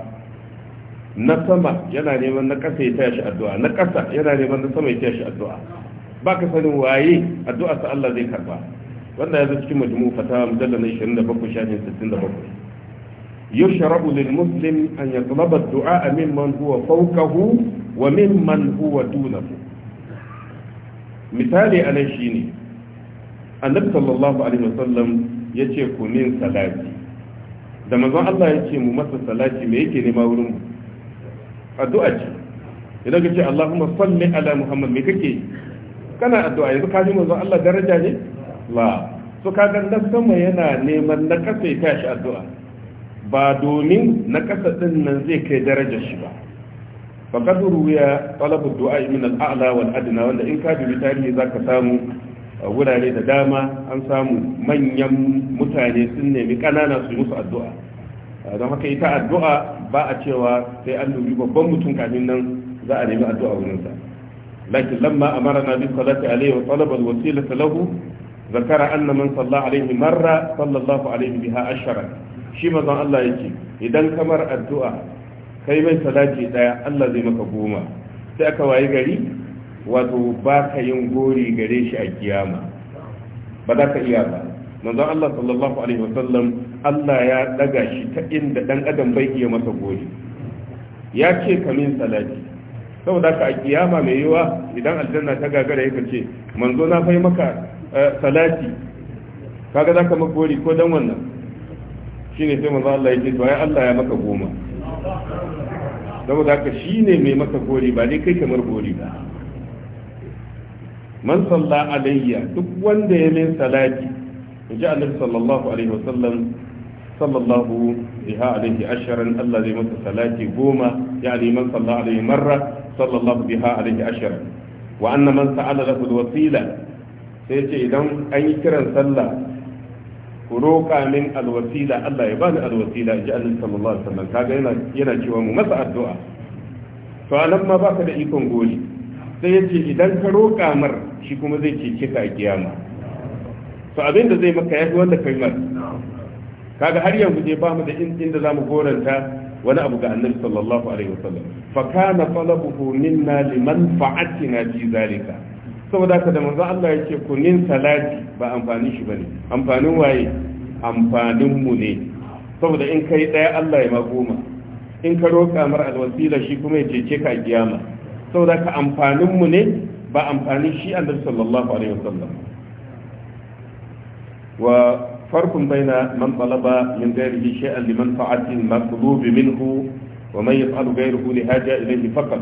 na sama yana neman na ƙasa ya taya shi addu'a na ƙasa yana neman na sama ya taya shi addu'a ba ka sanin waye addu'a sa Allah zai karba wanda ya zo cikin majmu fata mujalla na 27 shafin 67 yushrabu lil muslim an yatlaba ad-du'a mimman huwa fawqahu wa min mimman huwa dunahu misali anan shine annabi sallallahu alaihi wasallam yace ku min salati da manzon Allah yace mu masa salati me yake nema wurin mu addu'a ce idan kace Allahumma salli ala Muhammad me kake kana addu'a yanzu ka ji manzon Allah daraja ne la su ga sama yana neman na kasa ya tashi addu'a ba domin na kasa din nan zai kai darajar shi ba faqad ya talabu du'a min al-a'la wal adna wanda in ka dubi tarihi zaka samu wurare da dama an samu manyan mutane sun nemi kanana su musu addu'a don haka ita addu'a ba a cewa sai an dubi babban mutum kafin nan za a nemi addu'a wurinsa lakin lamma amara na bi salati alaihi wa talaba wasila lahu zakara anna man salla marra sallallahu alaihi biha ashara shi mazan Allah yake idan kamar addu'a kai mai salati ɗaya Allah zai maka goma sai aka waye gari wato ba ka yin gori gare shi a kiyama ba za ka iya ba manzon Allah sallallahu alaihi wasallam Allah ya daga shi ta inda ɗan adam bai iya masa gori ya ce min salati saboda ka a kiyama mai yiwa idan aljanna ta gagara yake ce manzo na fai maka Eh, salati kaga za ka makori ko dan wannan shi ne sai manzo Allah ya ce to ai Allah ya maka goma saboda haka shi ne mai maka gori ba dai kai kamar gori ba man salla alayya duk wanda ya min salati in ji annabi sallallahu alaihi wasallam sallallahu biha alaihi asharan Allah zai masa salati goma yani man salla alayhi marra sallallahu biha alaihi asharan wa anna man sa'ala lahu alwasila sai ce idan an yi kiran sallah ku roƙa min alwasila Allah ya bani alwasila ji annabi sallallahu alaihi wasallam kaga yana yana cewa mu masa addu'a to anan ma baka da ikon goli sai yace idan ka roƙa mar shi kuma zai cece ka a kiyama to abin da zai maka yafi wanda kai mar kaga har yanzu dai ba mu da inda zamu goranta wani abu ga annabi sallallahu alaihi wasallam fa kana talabuhu minna liman fa'atina fi zalika saboda haka da manzo Allah ya yake kunin salati ba amfani shi bane amfanin waye amfanin mu ne saboda in kai daya Allah ya ma goma in ka roƙa mar alwasila shi kuma ya cece ka kiyama saboda haka amfanin mu ne ba amfani shi annabi sallallahu alaihi wasallam wa baina man فرق بين من طلب من غيره شيئا لمنفعة المطلوب منه ومن يفعل غيره لحاجة إليه فقط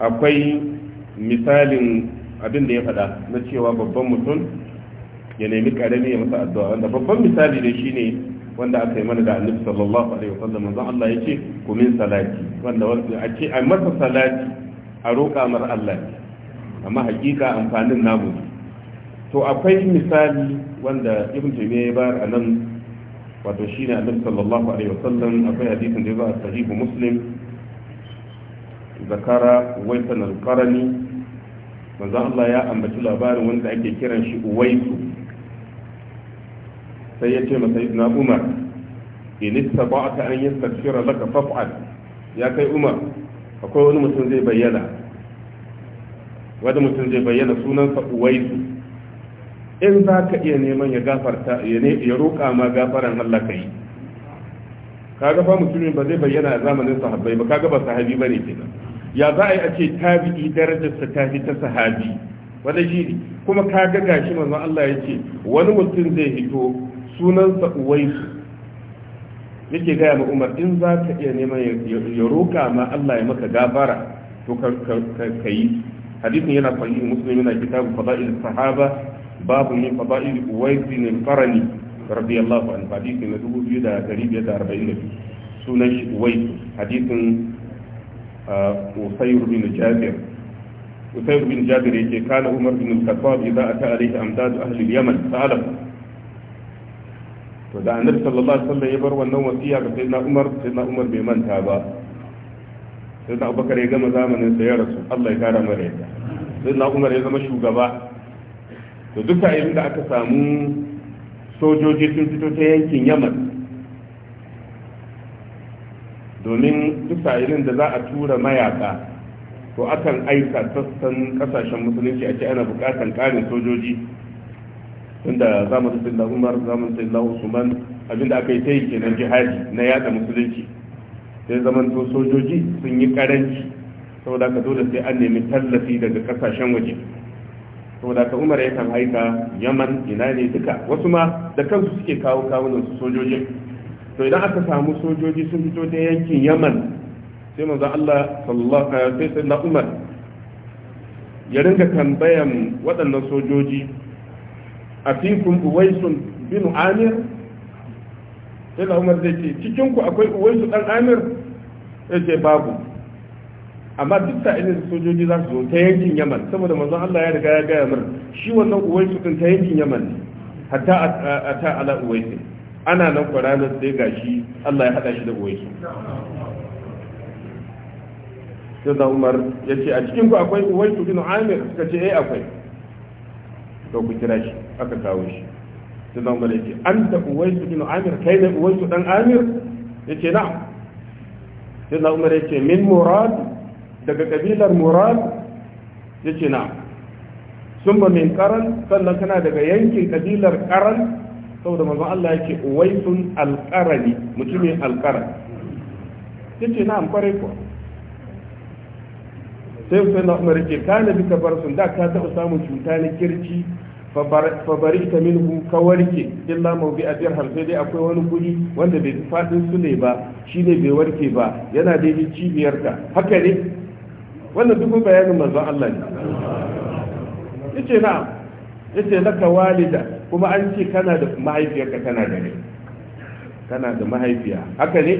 akwai misalin abin da ya faɗa na cewa babban mutum ya nemi karami ya masa addu'a wanda babban misali ne wanda aka yi mana da annabi sallallahu alaihi wasallam manzon Allah ce ku min salati wanda wani a ce ai masa salati a roƙa mar Allah amma hakika amfanin namu to akwai misali wanda ibn taymiya ya bayar anan wato shine annabi sallallahu alaihi wasallam akwai hadisin da ya a sahihu muslim zakara na alkarani manzo Allah ya ambaci labarin wanda ake kiran shi uwaitu sai ya ce masa na umar in istata'ta an yi yastaghfira laka faf'al ya kai umar akwai wani mutum zai bayyana wani mutum zai bayyana sunansa uwaitu in za ka iya neman ya gafarta ya roƙa ma gafaran Allah kai ga fa mutumin ba zai bayyana a zamanin sahabbai ba kaga ba sahabi ne kenan ya za a yi a ce tabi'i darajarsa ta fi ta sahabi wanda shi ne kuma ka ga gashi manzon Allah ya ce wani mutum zai hito sunansa uwaisu yake gaya ma umar in za ka iya neman ya roƙa ma Allah ya maka gabara to ka yi hadisin yana sahih muslim yana kitabu fada'il sahaba babu min fada'il uwais ne farani radiyallahu anhu hadisin na biyu. sunan shi uwais hadisin usayr bin jabir usayr yake kana umar bin al-khattab idza ata alayhi amdad ahli al-yaman sa'alahu to da annabi sallallahu alaihi wasallam ya bar wannan wasiya ga sayyidina umar sayyidina umar bai manta ba sayyidina abubakar ya gama zamanin sa ya rasu Allah ya sayyidina umar ya zama shugaba to duka yayin da aka samu sojoji sun fito ta yankin yaman domin duk irin da za a tura mayaka to akan aika sassan kasashen musulunci a ce ana bukatan karin sojoji tunda tafi da umar tafi da usman abinda aka yi ta yi kenan jihadi na yada musulunci sai zaman to sojoji sun yi karanci saboda ka dole sai an nemi tallafi daga kasashen waje saboda ka umar ya kan aika yaman ina ne duka wasu ma da kansu suke kawo kawunan su sojojin to idan aka samu sojoji sun fito ta yankin yaman sai manzo Allah sallallahu alaihi wasallam sai Umar ya ringa tambayan waɗannan sojoji a fikun uwaisun bin amir sai Umar zai ce cikin ku akwai uwaisu dan amir sai ce babu amma duk da irin sojoji za su zo ta yankin yaman saboda manzo Allah ya riga ya gaya mar shi wannan uwaisu din ta yankin yaman ne hatta ata ala uwaisu ana nan ranar sai gashi Allah ya haɗa shi da goyi sai da Umar ya ce a cikin ku akwai su gina Amir suka ce eh akwai to ku kira shi aka kawo shi sai da Umar ya ce an anta su gina Amir kai ne su ɗan Amir ya ce na. sai da Umar ya ce min Murad daga ƙabilar Murad ya ce na. sun ba min ƙaran sannan kana daga yankin ƙabilar ƙaran. saboda manzon Allah yake uwaisun alqarani mutumin alqaran yace na amfare ko sai sai na umar yake kana bika barsun da ka taɓa samun cuta na kirci fa bari ta minhu ka warke illa mawdi a dirham sai dai akwai wani guri wanda bai fi fadin su ne ba shine bai warke ba yana daidai ka. haka ne wannan duk bayanin manzon Allah ne yace na yace laka walida kuma an ce kana da mahaifiyarka tana da rai tana da mahaifiya haka ne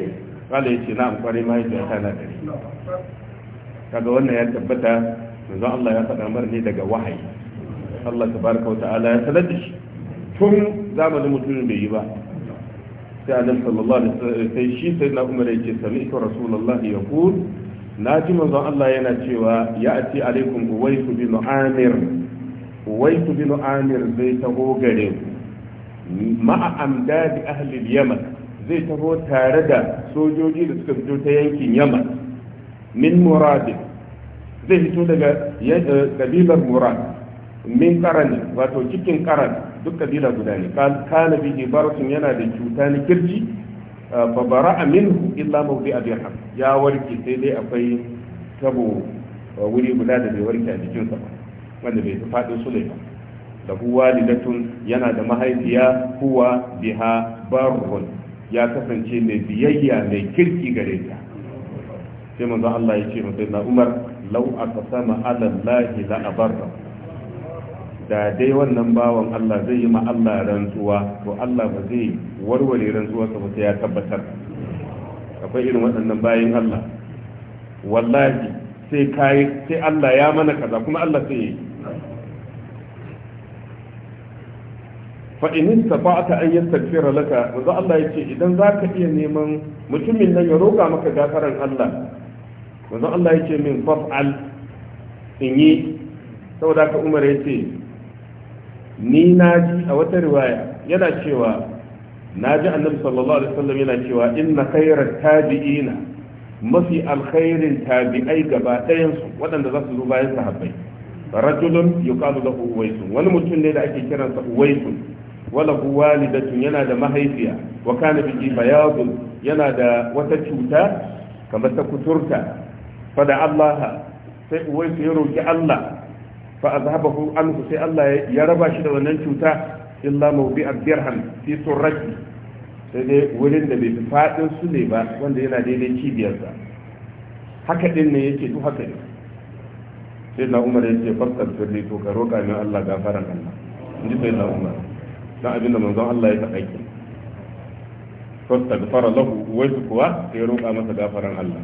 ya ce na amfani mahaifiya tana da rai kaga wannan ya tabbata yanzu Allah ya faɗa mar ne daga wahayi Allah tabaraka wa ta'ala ya sanar da shi tun zamanin mutumin bai yi ba sai annabi sallallahu alaihi wasallam sai shi sai na umar yace sami'tu rasulullahi yaqul na ji manzon Allah yana cewa ya ati alaikum uwaisu bi mu'amir. uwaitu bin amir zai taho gare ma'a amdadi ahlil yaman zai taho tare da sojoji da suka fito ta yankin yaman min muradin zai fito daga eh, kabilar murad min karani wato cikin karan duk kabila guda ne kana bihi baratun yana da cuta na kirji eh, fa bara'a minhu illa mawdi abirham ya warke sai dai akwai tabo eh, wuri guda da bai warke a jikinsa ba wanda bai faɗin sulaiman da huwa lidatun yana da mahaifiya huwa biha barun ya kasance mai biyayya mai kirki gare ta sai manzo Allah ya ce masa na Umar law aqsama ala Allah la abarra da dai wannan bawan Allah zai yi ma Allah rantsuwa to Allah ba zai warware rantsuwa ka sai ya tabbatar akwai irin waɗannan bayin Allah wallahi sai kai sai Allah ya mana kaza kuma Allah sai yi fa'inin ta ba ta an yi tafiyar laka wanzu Allah ya ce idan za ka iya neman mutumin nan ya roga maka gafaran Allah wanzu Allah ya ce min faf'al in yi saboda ka umar ya ce ni na ji a wata riwaya yana cewa na ji annabi sallallahu alaihi wasallam yana cewa inna khairat tabi'ina mafi alkhairin tabi'ai gaba su waɗanda za su zo bayan sahabbai rajulun yuqalu lahu uwaisun wani mutum ne da ake kiransa uwaisun wala walidatun yana da mahaifiya wa kana biki bayadun yana da wata cuta kamar ta kuturta fa da Allah sai uwaisun ya roki Allah fa azhabahu anhu sai Allah ya raba shi da wannan cuta illa mawdi'ar dirham fi surrati sai dai wurin da bai fi faɗin su ne ba wanda yana daidai cibiyarsa haka din ne yake duk haka ne sai na umar ya ce fastar firli to ka roƙa min Allah gafaran Allah in ji sai na umar dan abinda manzon Allah ya faɗa ke fastagfara lahu su kuwa sai roƙa masa gafaran Allah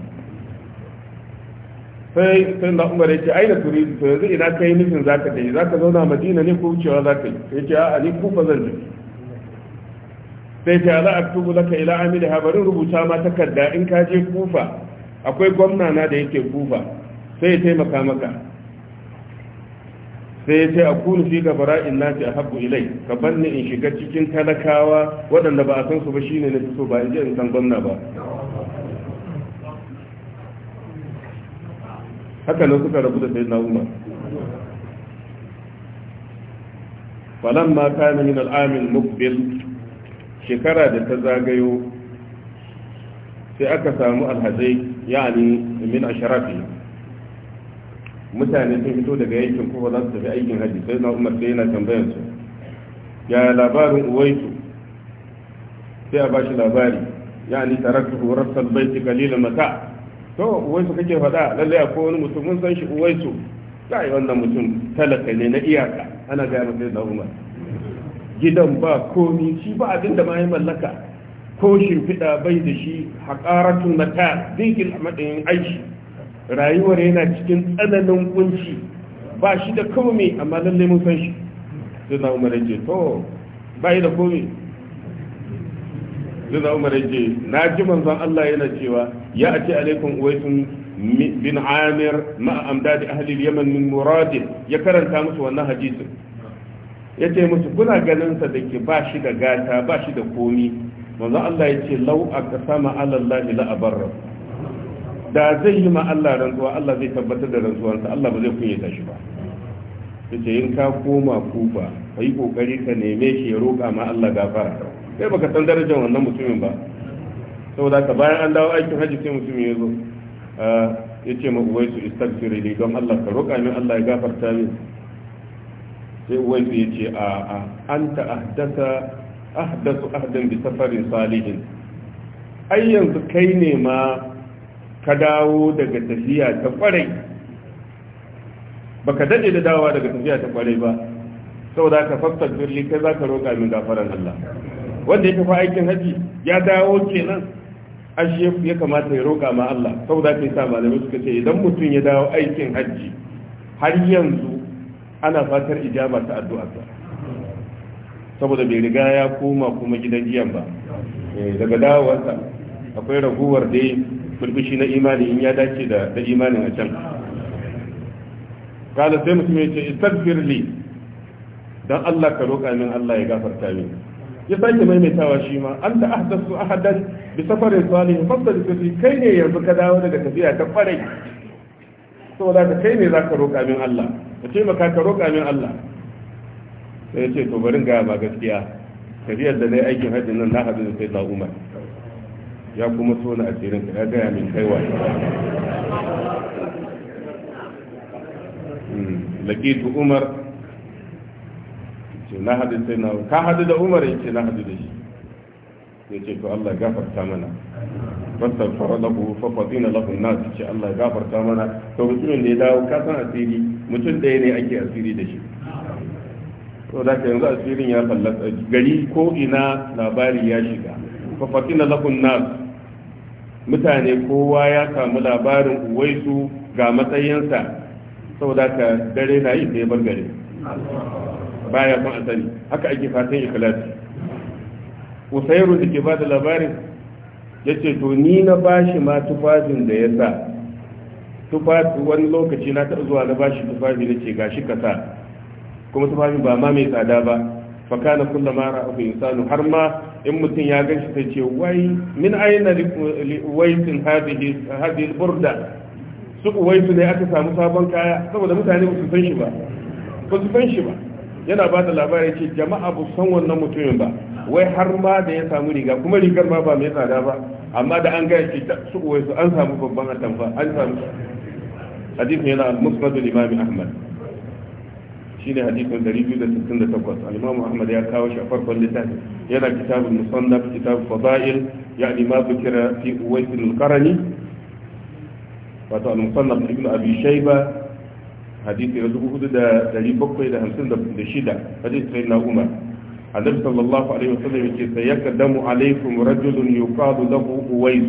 sai sai na umar ya ce ai da turi to yanzu ina kai nufin zaka za zaka zauna Madina ne ko wucewa zaka yi sai ce a'a ni kufa zan tafi sai ce za a tubu laka ila amili habarin rubuta ma takarda in ka je kufa akwai gwamna na da yake kufa sai ya taimaka maka sai ya ce a kunu fi ka na ce a habbu ilai ka banni in shiga cikin talakawa waɗanda ba a san su ba shine na fito ba in je in san gwamna ba haka nan suka rabu da sayyidina umar ta kana min al'amin mukbil shekara da ta zagayo sai aka samu alhazai yani min asharafi mutane sun fito daga yankin kuma za su tafi aikin hajji sai na umar sai yana tambayar su ya labarin uwaitu sai a bashi labari ya ni taraktu bai baiti kalilin mata to uwaitu kake faɗa lallai akwai wani mutum mun san shi uwaitu yi wannan mutum talaka ne na iyaka ana gaya mu sai umar gidan ba komi shi ba abin da ma ya mallaka ko shimfiɗa bai da shi haƙaratun mata dinkin a matsayin aiki? rayuwar yana cikin tsananin kunci ba shi da komai amma lallai mun san shi sai na umar ce to ba yi da komai sai na umar ce na ji manzon Allah yana cewa ya ati alaikum uwaisun bin amir ma da ahli yaman min muradin ya karanta musu wannan hadisin ya ce musu kuna ganin sa da ke ba shi da gata ba shi da komi manzon Allah ya ce lau a kasama alallahi la abarra da zai yi ma Allah rantsuwa Allah zai tabbatar da rantsuwarsa Allah ba zai kunyata shi ba ce in ka koma kufa yi kokari ka neme shi ya roƙa ma Allah gafara kai baka san darajar wannan mutumin ba saboda ka bayan an dawo aikin hajji sai mutum ya zo ah, ya ce ma uwai su istagfiri ne don Allah ka roƙa min Allah ya gafarta min sai uwai su ya ce a a ta ahdasa ahdasu ahdan bi safarin salihin ai yanzu kai ne ma ka dawo daga tafiya ta kwarai baka dade da dawowa daga tafiya ta kwarai ba saboda ka fassar birni kai za ka roƙa min gafaran Allah wanda ya tafi aikin haji ya dawo kenan ashe ya kamata ya roƙa ma Allah saboda ka sa malamai suka ce idan mutum ya dawo aikin haji har yanzu ana fatar ijaba ta addu'arsa saboda bai riga ya koma kuma gidan jiyan ba eh, daga dawowarsa akwai raguwar da burbushi na imani in ya dace da imanin a can kala sai mutum ya ce istaghfir li dan Allah ka roƙa min Allah ya gafarta min ya sake maimaitawa shi ma an da ahdasu ahadan bi safarin salih fassara fi kai ne yanzu ka dawo daga tafiya ta kwarai saboda ka kai ne zaka roƙa min Allah ka ce maka ka roƙa min Allah sai ya ce to bari ga ba gaskiya tafiyar da nayi aikin hajji nan na hadu da sai Umar ya kuma tona asirin ka ya gaya min kaiwa hmm, laqitu umar ce na hadu sai na ka hadu da umar yace na hadu da shi yace to Allah gafarta mana fastaghfara lahu fa fadina lahu nas ce Allah gafarta mana to mutumin da ya dawo ka san asiri mutum ɗaya ne ake asiri da shi to da ka yanzu asirin ya fallasa gari ko ina labari ya shiga fa fadina lahu nas mutane kowa ya samu labarin uwaisu ga matsayinsa saboda ka dare na yi sai bar gare baya kuma a sani haka ake fatan ikilasi usairu da ke ba da labarin ya ce to ni na bashi ma tufafin da ya sa tufafi wani lokaci na taɓa zuwa na bashi tufafi na ce shi ka sa kuma tufafin ba ma mai tsada ba fa kana kullama ra'ahu insanu har ma in mutum ya ganshi sai ce wai min aina li waitin hadhihi hadhihi burda su waitu ne aka samu sabon kaya saboda mutane ba su san shi ba ba su san shi ba yana ba da labarai ce jama'a ba san wannan mutumin ba wai har ma da ya samu riga kuma rigar ma ba mai tsada ba amma da an gaya ce su uwai su an samu babban atamfa an samu hadisin yana al-musnad imam ahmad shine hadisin 268 al-Imam Ahmad ya kawo shi a farkon littafi yana kitabul musannaf kitab fadail yani ma zikira fi Uwais al-Qarni wato al-musannaf ibn Abi Shayba hadisi na 4756 hadisi sai na Umar annabi sallallahu alaihi wasallam yake sayakdamu alaikum rajulun yuqadu lahu Uwais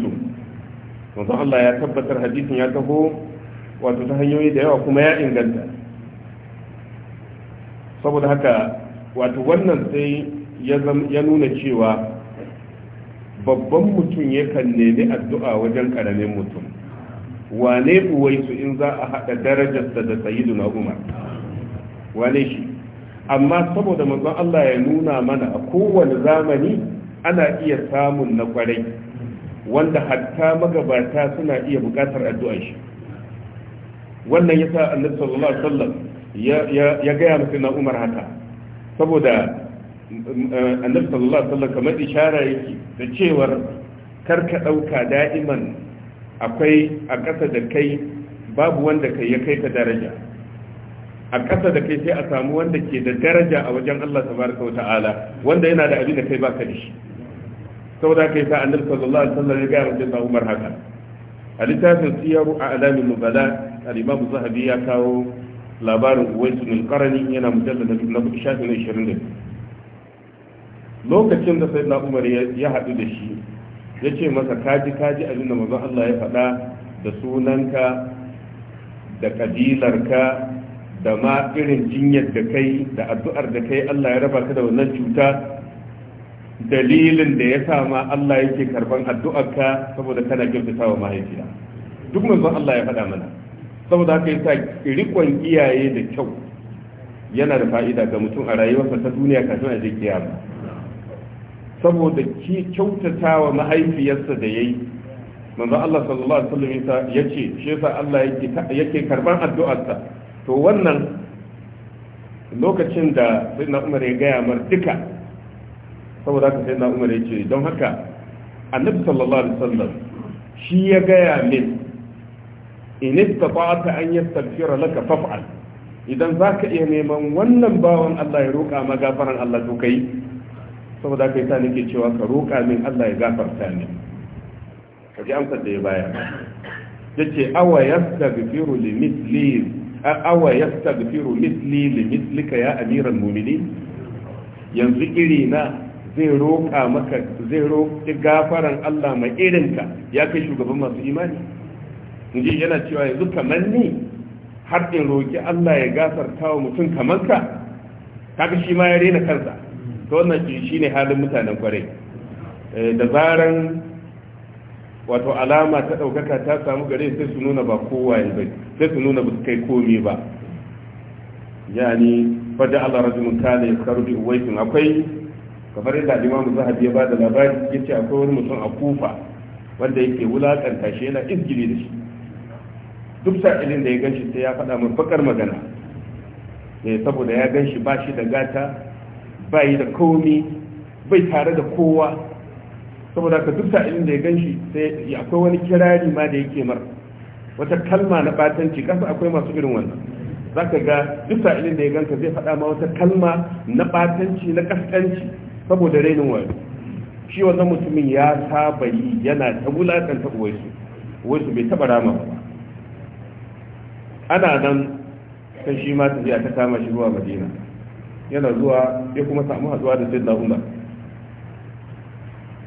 manzo Allah ya tabbatar hadisin ya taho wato ta hanyoyi da yawa kuma ya inganta saboda haka wato wannan sai ya nuna cewa babban mutum yakan nemi addu'a wajen karamin mutum wane uwaisu in za a haɗa darajarsa da na umar wane shi amma saboda mazan Allah ya nuna mana a kowane zamani ana iya samun na kwarai wanda hatta magabata suna iya buƙatar addu'a shi wannan yasa annabi sallallahu alaihi wasallam ya gaya mutum na umar haka saboda eh, annabi sallallahu alaihi wasallam kamar ishara yake da cewar karka ɗauka da'iman akwai a ƙasa da kai babu wanda kai ya kai ka daraja a ƙasa da kai sai a samu wanda ke da daraja a wajen Allah tabaraka wa ta'ala wanda yana da abin da kai baka da shi saboda kai sa annabi sallallahu alaihi wasallam ya ga mutum da Umar haka a littafin siyaru a alamin mubala al-imam zahabi ya kawo labarin uwaisu mai karani yana mujalla na na shafi na ishirin da lokacin da sai na umar ya haɗu da shi ya ce masa kaji kaji abinda mazan allah ya faɗa da sunanka da ƙabilarka da ma irin jinyar da kai da addu'ar da kai allah ya raba ka da wannan cuta dalilin da ya sa ma allah yake karban addu'arka saboda kana kyautata wa mahaifiya duk mazan allah ya faɗa mana saboda haka yasa rikon iyaye da kyau yana da fa'ida ga mutum a rayuwarsa ta duniya kafin a je kiyama saboda ki wa mahaifiyarsa da yayi manzo Allah sallallahu alaihi wasallam yace shi yasa Allah ya yake karban addu'arsa to wannan lokacin da sayyidina Umar ya gaya mar duka saboda haka sayyidina Umar yace don haka annabi sallallahu alaihi wasallam shi ya gaya min in istata'ta an yastaghfira laka faf'al idan zaka iya neman wannan bawan Allah ya roƙa ma Allah to kai saboda kai ta nake cewa ka roƙa min Allah ya gafarta ni ji amsar da ya baya yace awa yastaghfiru li mithli awa yastaghfiru mithli li mithlika ya amiral mu'minin yanzu iri na zai roƙa maka zai roƙi gafaran Allah mai irinka ya kai shugaban masu imani inji yana cewa yanzu kamar ni har in roki Allah ya gafarta wa mutum kamar ka kaga shi ma ya rena kansa to wannan shine halin mutanen kwarai eh, da zaran wato alama ta ɗaukaka ta samu gare sai su nuna ba kowa ya bai sai su nuna ba su kai komi ba yani fadda Allah rajulun kana yaskaru bi akwai kamar yadda Imam Zahabi ya bada labari yace akwai wani mutum a Kufa wanda yake wulakanta shi yana izgili da shi duk sa'ilin da ya ganshi sai ya faɗa min fakar magana ne eh, saboda ya ganshi ba shi da gata ba yi da komi bai tare da kowa saboda ka duk sa'ilin da ya ganshi sai akwai wani kirari ma da yake mar wata kalma na batanci kasa akwai masu irin wannan za ka ga duk sa'ilin da ya ganka zai faɗa ma wata kalma na batanci na kaskanci saboda rainin wani shi wannan mutumin ya saba yi yana ta wulakanta uwaisu uwaisu bai taɓa rama ba ana nan sai shi ma ta ta kama shi zuwa madina yana zuwa ya kuma samu haduwa da sayyidina umar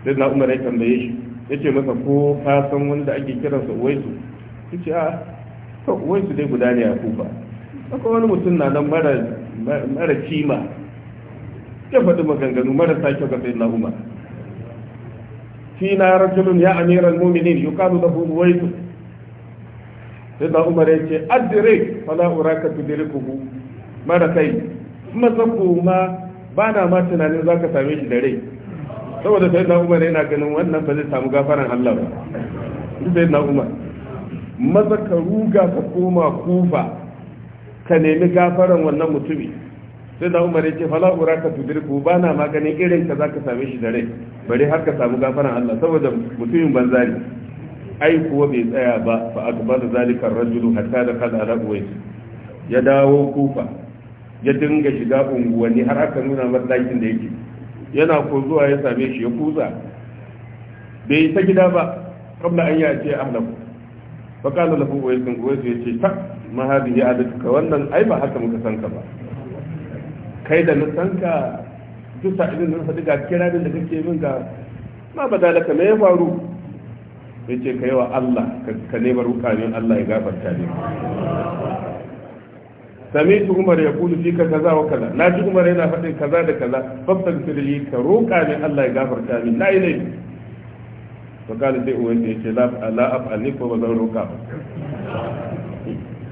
sayyidina umar ya tambaye shi yace masa ko ka san wanda ake kiransa uwaisu yace a ah, to uwaisu dai guda ne a kufa aka wani mutum na nan mara mara kima ya faɗi maganganu marasa kyau ga sayyidina umar fina rajulun ya amiral mu'minin da lahu uwaisu sai da umar ya ce adire fala uraka tudrikuhu mara kai kuma zanku ma ba na ma tunanin zaka same shi da rai saboda sai da umar yana ganin wannan ba zai samu gafaran Allah ba sai da umar maza ka ruga ka koma kufa ka nemi gafaran wannan mutumi sai da umar ya ce fala ura ka tudurku ba na maganin irin ka za ka same shi da rai bari har ka samu gafaran Allah saboda mutumin banzari ai kuwa bai tsaya ba fa akbar zalika ar-rajulu hatta dakhala ala uwais ya dawo kufa ya dinga shiga unguwanni har aka nuna masa dakin da yake yana ko zuwa ya same shi ya kuza bai ta gida ba kabla an yace ahlaku fa qala lahu uwais bin uwais yace ta ma hadhihi adatuka wannan ai ba haka muka san ka ba kai da na san ka duk sa'idin nan sadiga kiranin da kake min ga ma badalaka me ya faru sai ce ka yi wa Allah ka nemar rukanin Allah ya gafarta ne sami su umar ya kudu fi ka kaza wa kaza na ji umar yana faɗin kaza da kaza fafsan firli ka roƙa ne Allah ya gafarta ne na yi ne to kala sai uwan ya ce la'af af'al ni ko ba zan roƙa ba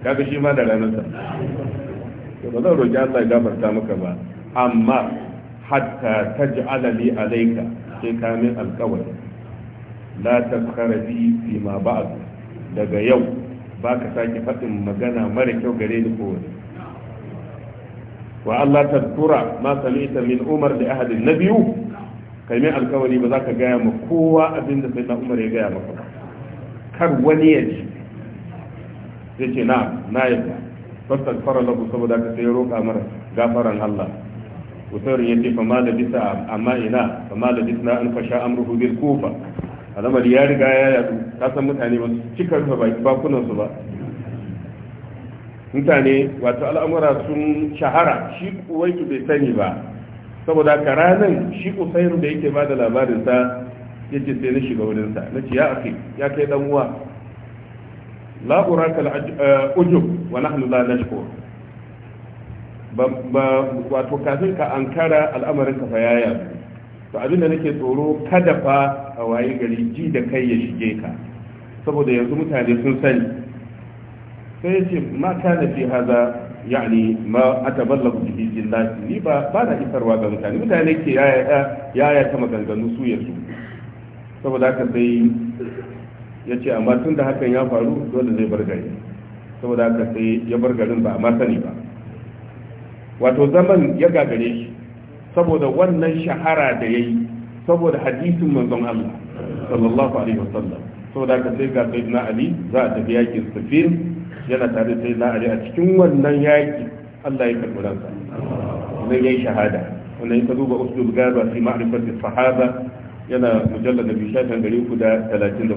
kaga shi ma da ranar sa ba zan roƙi Allah ya gafarta maka ba amma hatta taj'ala alali alaika, sai ka min alƙawari la tafkara bi fi ma ba'd daga yau baka sake faɗin magana mara kyau gare ni ko wani wa Allah tadkura ma salita min Umar da ahadin nabiyu kai alkawari ba za ka gaya ma kowa abin da sayyidina Umar ya gaya maka kar wani ya ji yace na na yadda fastaghfara lahu saboda ka sai roƙa mara gafaran Allah Usairu ya ce fa ma da bisa amma ina fa ma da an fasha amruhu bil kufa alamar ya riga ya yadu ta san mutane ba su cika rufe bakunansu ba mutane wato al'amura sun shahara shi kuwaitu bai sani ba saboda ka ranar shi sayar da yake ba da labarinsa ya ce sai na shiga wurinsa na ce ya ake ya kai dan uwa la'uraka eh, ujub wa nahnu la nashkur ba wato kafin ka ankara al'amarin ka fa yaya to abinda nake tsoro kada fa a waye gari ji da kai ya shige ka saboda yanzu mutane sun sani sai ya ce ma da fi haza yani ma ataballagu jin jinnati ni ba ba na isarwa ga mutane mutane ke yaya ya ta maganganu su yanzu saboda haka sai ya ce amma tun da hakan ya faru dole zai bar gari saboda haka sai ya bar garin ba a ma sani ba wato zaman ya gagare shi saboda wannan shahara da ya yi, saboda hadisin manzon Allah sallallahu alaihi wasallam saboda ka sai ga na Ali za a tafi yakin Safin yana tare da sayyidina Ali a cikin wannan yaki Allah ya karbi ransa wannan yayi shahada wannan ka duba usul gaba fi ma'rifati sahaba yana mujallad da bishatan gari ku da 33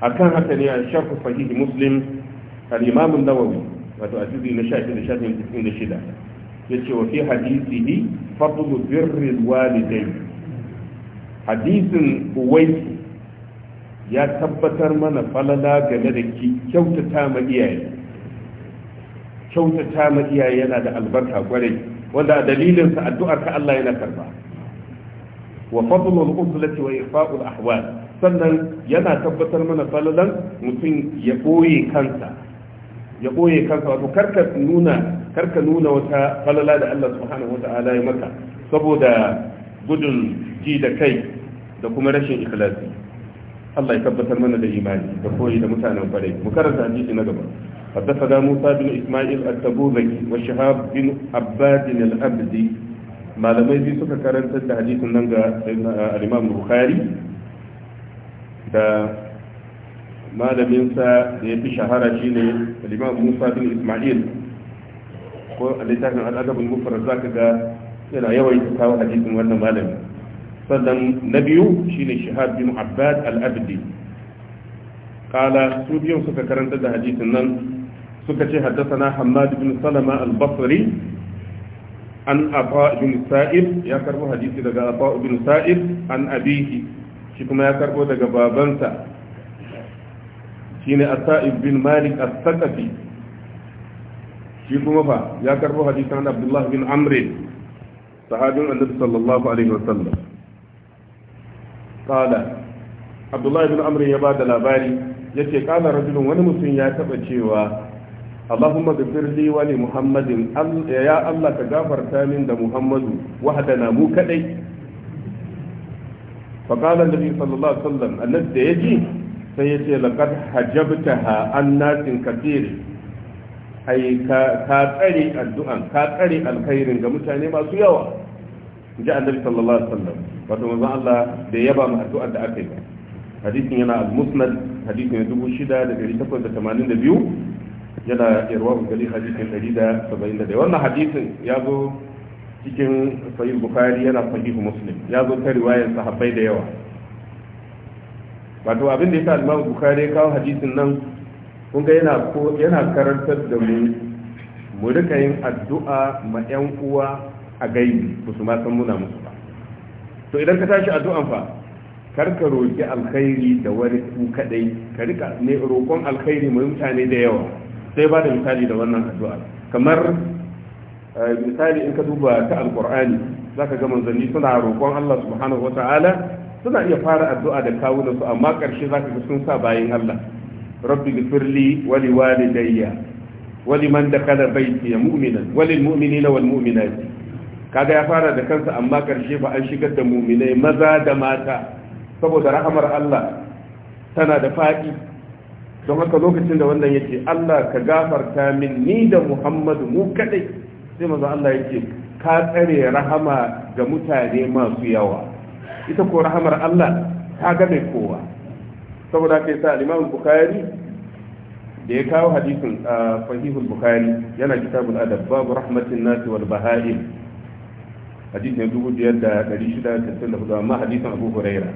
akan haka ne a shafu sahih muslim al-imam an-nawawi wato a cikin na shafin da shafin da shida. yace wa fi hadisihi fadlu birril walidai hadisin uwais ya tabbatar mana falala game da kyautata ma iyaye kyautata ma iyaye yana da albarka kwarai wanda a dalilin sa addu'ar ka Allah yana karba wa fadlul uslati wa ifa'ul ahwal sannan yana tabbatar mana falalan mutum ya boye kansa ya boye kansa wato karka nuna karka nuna wata falala da Allah subhanahu wata'ala ya maka saboda gudun ji da kai da kuma rashin ikhlasi Allah ya tabbatar mana da imani da koyi da mutanen kwarai mu karanta hadisi na gaba Musa حدثنا موسى بن إسماعيل التبوذكي وشهاب بن عباد malamai ما لم karanta da كرنت nan ga imam Bukhari da malaminsa da ya fi shahara shine al-imam Musa bin Ismail ko a littafin al'adabul za ka ga yana yawaita kawo hadisin wannan malami sannan na biyu ne shahab bin abbad al-abdi kala su biyun suka karanta da hadisin nan suka ce haddasana Hamad bin salama al-basri an afa bin sa'id ya karbo hadisi daga afa bin sa'id an abihi shi kuma ya karbo daga babansa shine as-sa'id bin malik as-saqafi shi kuma fa ya karbo hadisan abdullahi bin amr sahabin da sallallahu alaihi wasallam qala abdullahi bin amr ya bada labari yace qala rajulun wani mutum ya taba cewa Allahumma ghfir li wa ya Allah ka gafarta min da Muhammadu wahdana mu kaɗai. fa qala annabi sallallahu alaihi wasallam annabi da yaji sai yace laqad hajabtaha an nasin ai ka tsare addu'an ka tsare alkhairin ga mutane masu yawa ji annabi sallallahu alaihi wasallam wato manzon Allah da yaba mu addu'a da aka yi hadisin yana al-musnad hadisin 6882 yana irwa gari hadisin 170 wannan hadisin ya zo cikin sahih bukhari yana sahih muslim ya zo ta riwayar sahabbai da yawa wato abin da yasa al-imam bukhari kawo hadisin nan kun ga yana ko yana karantar da mu mu rika yin addu'a ma yan uwa a gaibi ba su ma san muna musu ba to idan ka tashi addu'an fa kar ka roki alkhairi da wani ku kadai ka rika ne roƙon alkhairi mu mutane da yawa sai ba da misali da wannan addu'a kamar eh, misali in ka duba ta alqur'ani zaka ga manzanni suna roƙon Allah subhanahu wata'ala suna iya fara addu'a da da su amma ƙarshe zaka ga sun sa bayin Allah rabbi gfirli wa liwalidayya wa liman dakala baiti mu'minan wa lil mu'minina wal mu'minati kaga ya fara da kansa amma karshe ba an shigar da mu'minai maza da mata saboda rahamar Allah tana da faɗi don haka lokacin da wannan yake Allah ka gafarta min ni da Muhammadu mu kadai sai manzo Allah yake ka tsare rahama ga mutane masu yawa ita ko rahamar Allah ta ga mai kowa saboda kai sa al-Imam Bukhari da ya kawo hadisin a Sahihul Bukhari yana kitabul adab babu rahmatin nasi wal baha'im hadisin 5664 amma hadisin Abu Huraira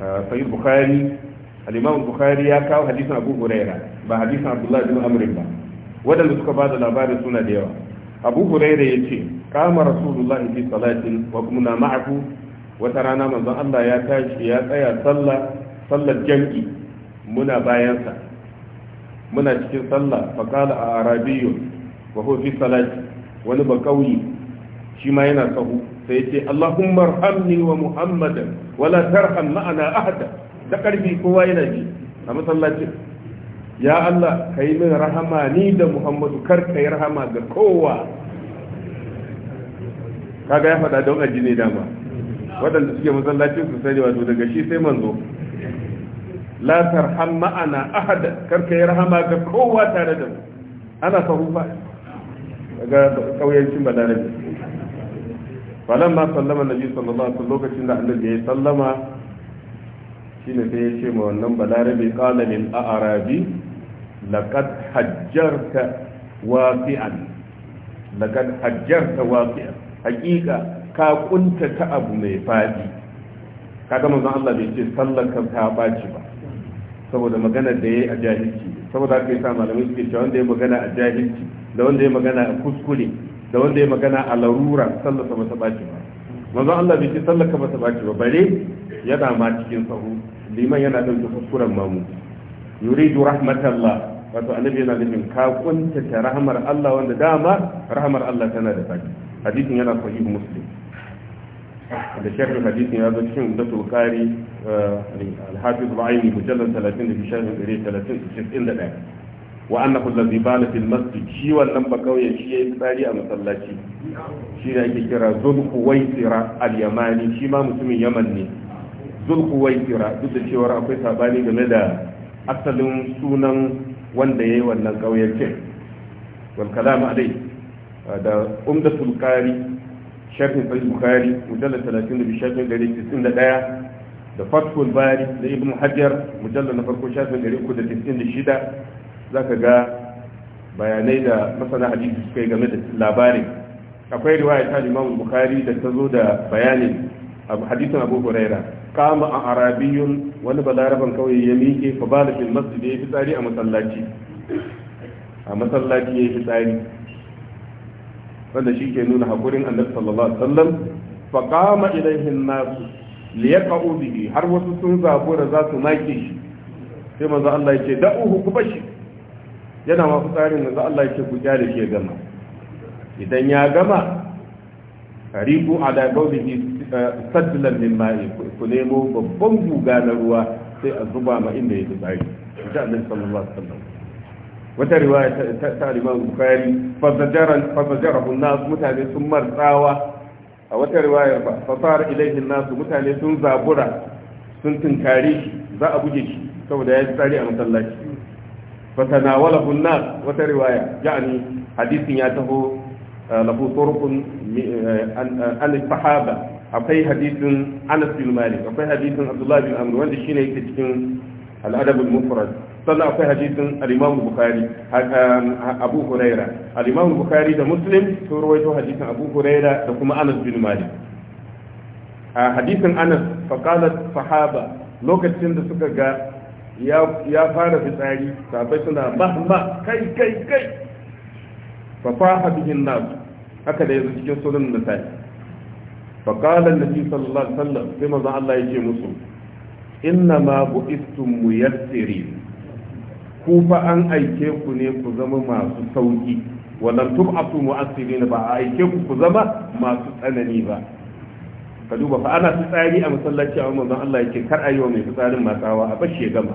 Sahih Bukhari al-Imam Bukhari ya kawo hadisin Abu Huraira ba hadisin Abdullah bin Amr ba wadanda suka bada labarin suna da yawa Abu Huraira yace kama Rasulullahi fi salatin wa kunna ma'ahu wata rana manzon Allah ya tashi ya tsaya sallah sallar jam'i muna bayansa muna cikin sallah faƙala a arabiyu wa fi salati wani ba ƙauye shi ma yana sahu sai ce allahumma rahamni wa muhammadan wala tarham ma'ana ahada da ƙarfi kowa yana ji a masallacin ya allah ka yi min rahama ni da muhammadu kar ka yi rahama ga kowa kaga ya faɗa don aji ne dama waɗanda suke masallacin su sai wato daga shi sai manzo la tarham ma'ana ahada karka yi rahama ga kowa tare da mu ana sahu ba daga kauyancin balarabi falan ma sallama nabi sallallahu alaihi lokacin da annabi ya sallama shine sai ya ce ma wannan balarabi qala lil a'rabi laqad hajjarta waqi'an laqad hajjarta waqi'an hakika ka kunta ta abu mai fadi kaga manzon Allah bai ce sallar ka ta baci ba saboda magana da ya yi a jahilci saboda haka yasa malamai suke cewa wanda ya magana a jahilci da wanda ya magana a kuskure da wanda ya magana a larura ba ta baci ba manzo Allah bai ce sallaka ta baci ba bare yana ma cikin sahu liman yana dauke kuskuren mamu yuridu rahmatallah wato annabi yana nufin ka kuntata rahmar Allah wanda dama rahmar Allah tana da baki hadisin yana sahihu muslim da sharhin hadisi ya zo cikin eh, da tulkari alhafiz ma'aini mujallar 30 da sharhin 31 wa annahu allazi bala fil masjid shi wannan ba kauye shi yayi tsari a masallaci shi da ake kira tsira, al-yamani shi ma mutumin yaman ne tsira duk da cewa akwai sabani game da asalin sunan wanda yayi wannan kauyen ce wal kalam alai eh, da umdatul qari shafin sai bukhari mujallal 32 shafin 191 da fathul bari da ibnu hajar mujallal na farko shafin 396 zaka ga bayanai da masana hadisi suka yi game da labarin akwai riwaya ta imamu Bukhari da ta zo da bayanin abu hadisin Abu Huraira kama an arabiyun wani balaraban kawai ya miƙe fa bala fil masjid ya fitsari a masallaci a masallaci ya fitsari wanda shi ke nuna haƙurin annabi sallallahu alaihi wasallam fa qama ilaihi an-nas liyaqau bihi har wasu sun zabura za su maki. shi sai manzo Allah ya ce da'uhu ku bashi yana ma tsarin manzo Allah ya ce ku kyale shi ya gama idan ya gama riku ala qawlihi eh, sadlan min ma'i ku nemo babban guga na ruwa sai a zuba ma inda ya tsari da annabi sallallahu alaihi wasallam wata riwaya ta al-Imam Bukhari fazajarahu nas mutane sun martawa a wata riwayar ba fasara ilaihin nasu mutane sun zabura sun tunkari shi za a buge shi saboda ya tsari a masallaci fatanawalahu nas wata riwaya ya'ani hadisin ya taho lahu turqun an sahaba akwai hadisin Anas bin Malik akwai hadisin Abdullah bin Amr wanda shine yake cikin al-adab al-mufrad sannan akwai hadisin al-Imam Bukhari Abu Huraira al-Imam Bukhari da Muslim sun rawaito hadisin Abu Huraira da kuma Anas bin Malik a hadisin Anas faqalat sahaba lokacin da suka ga ya fara fitsari sabai suna mahma kai kai kai fa faha bihin nas haka da yanzu cikin sunan nasai فقال النبي صلى الله عليه وسلم كما الله يجي مسلم إنما بئستم ميسرين ku fa an aike ku ne ku zama masu sauki walam tub'atu mu'assirin ba a aike ku ku zama masu tsanani ba ka duba fa ana fitsari a masallaci a manzon Allah yake kar yi wa mai fitsarin matawa a bashi ya gama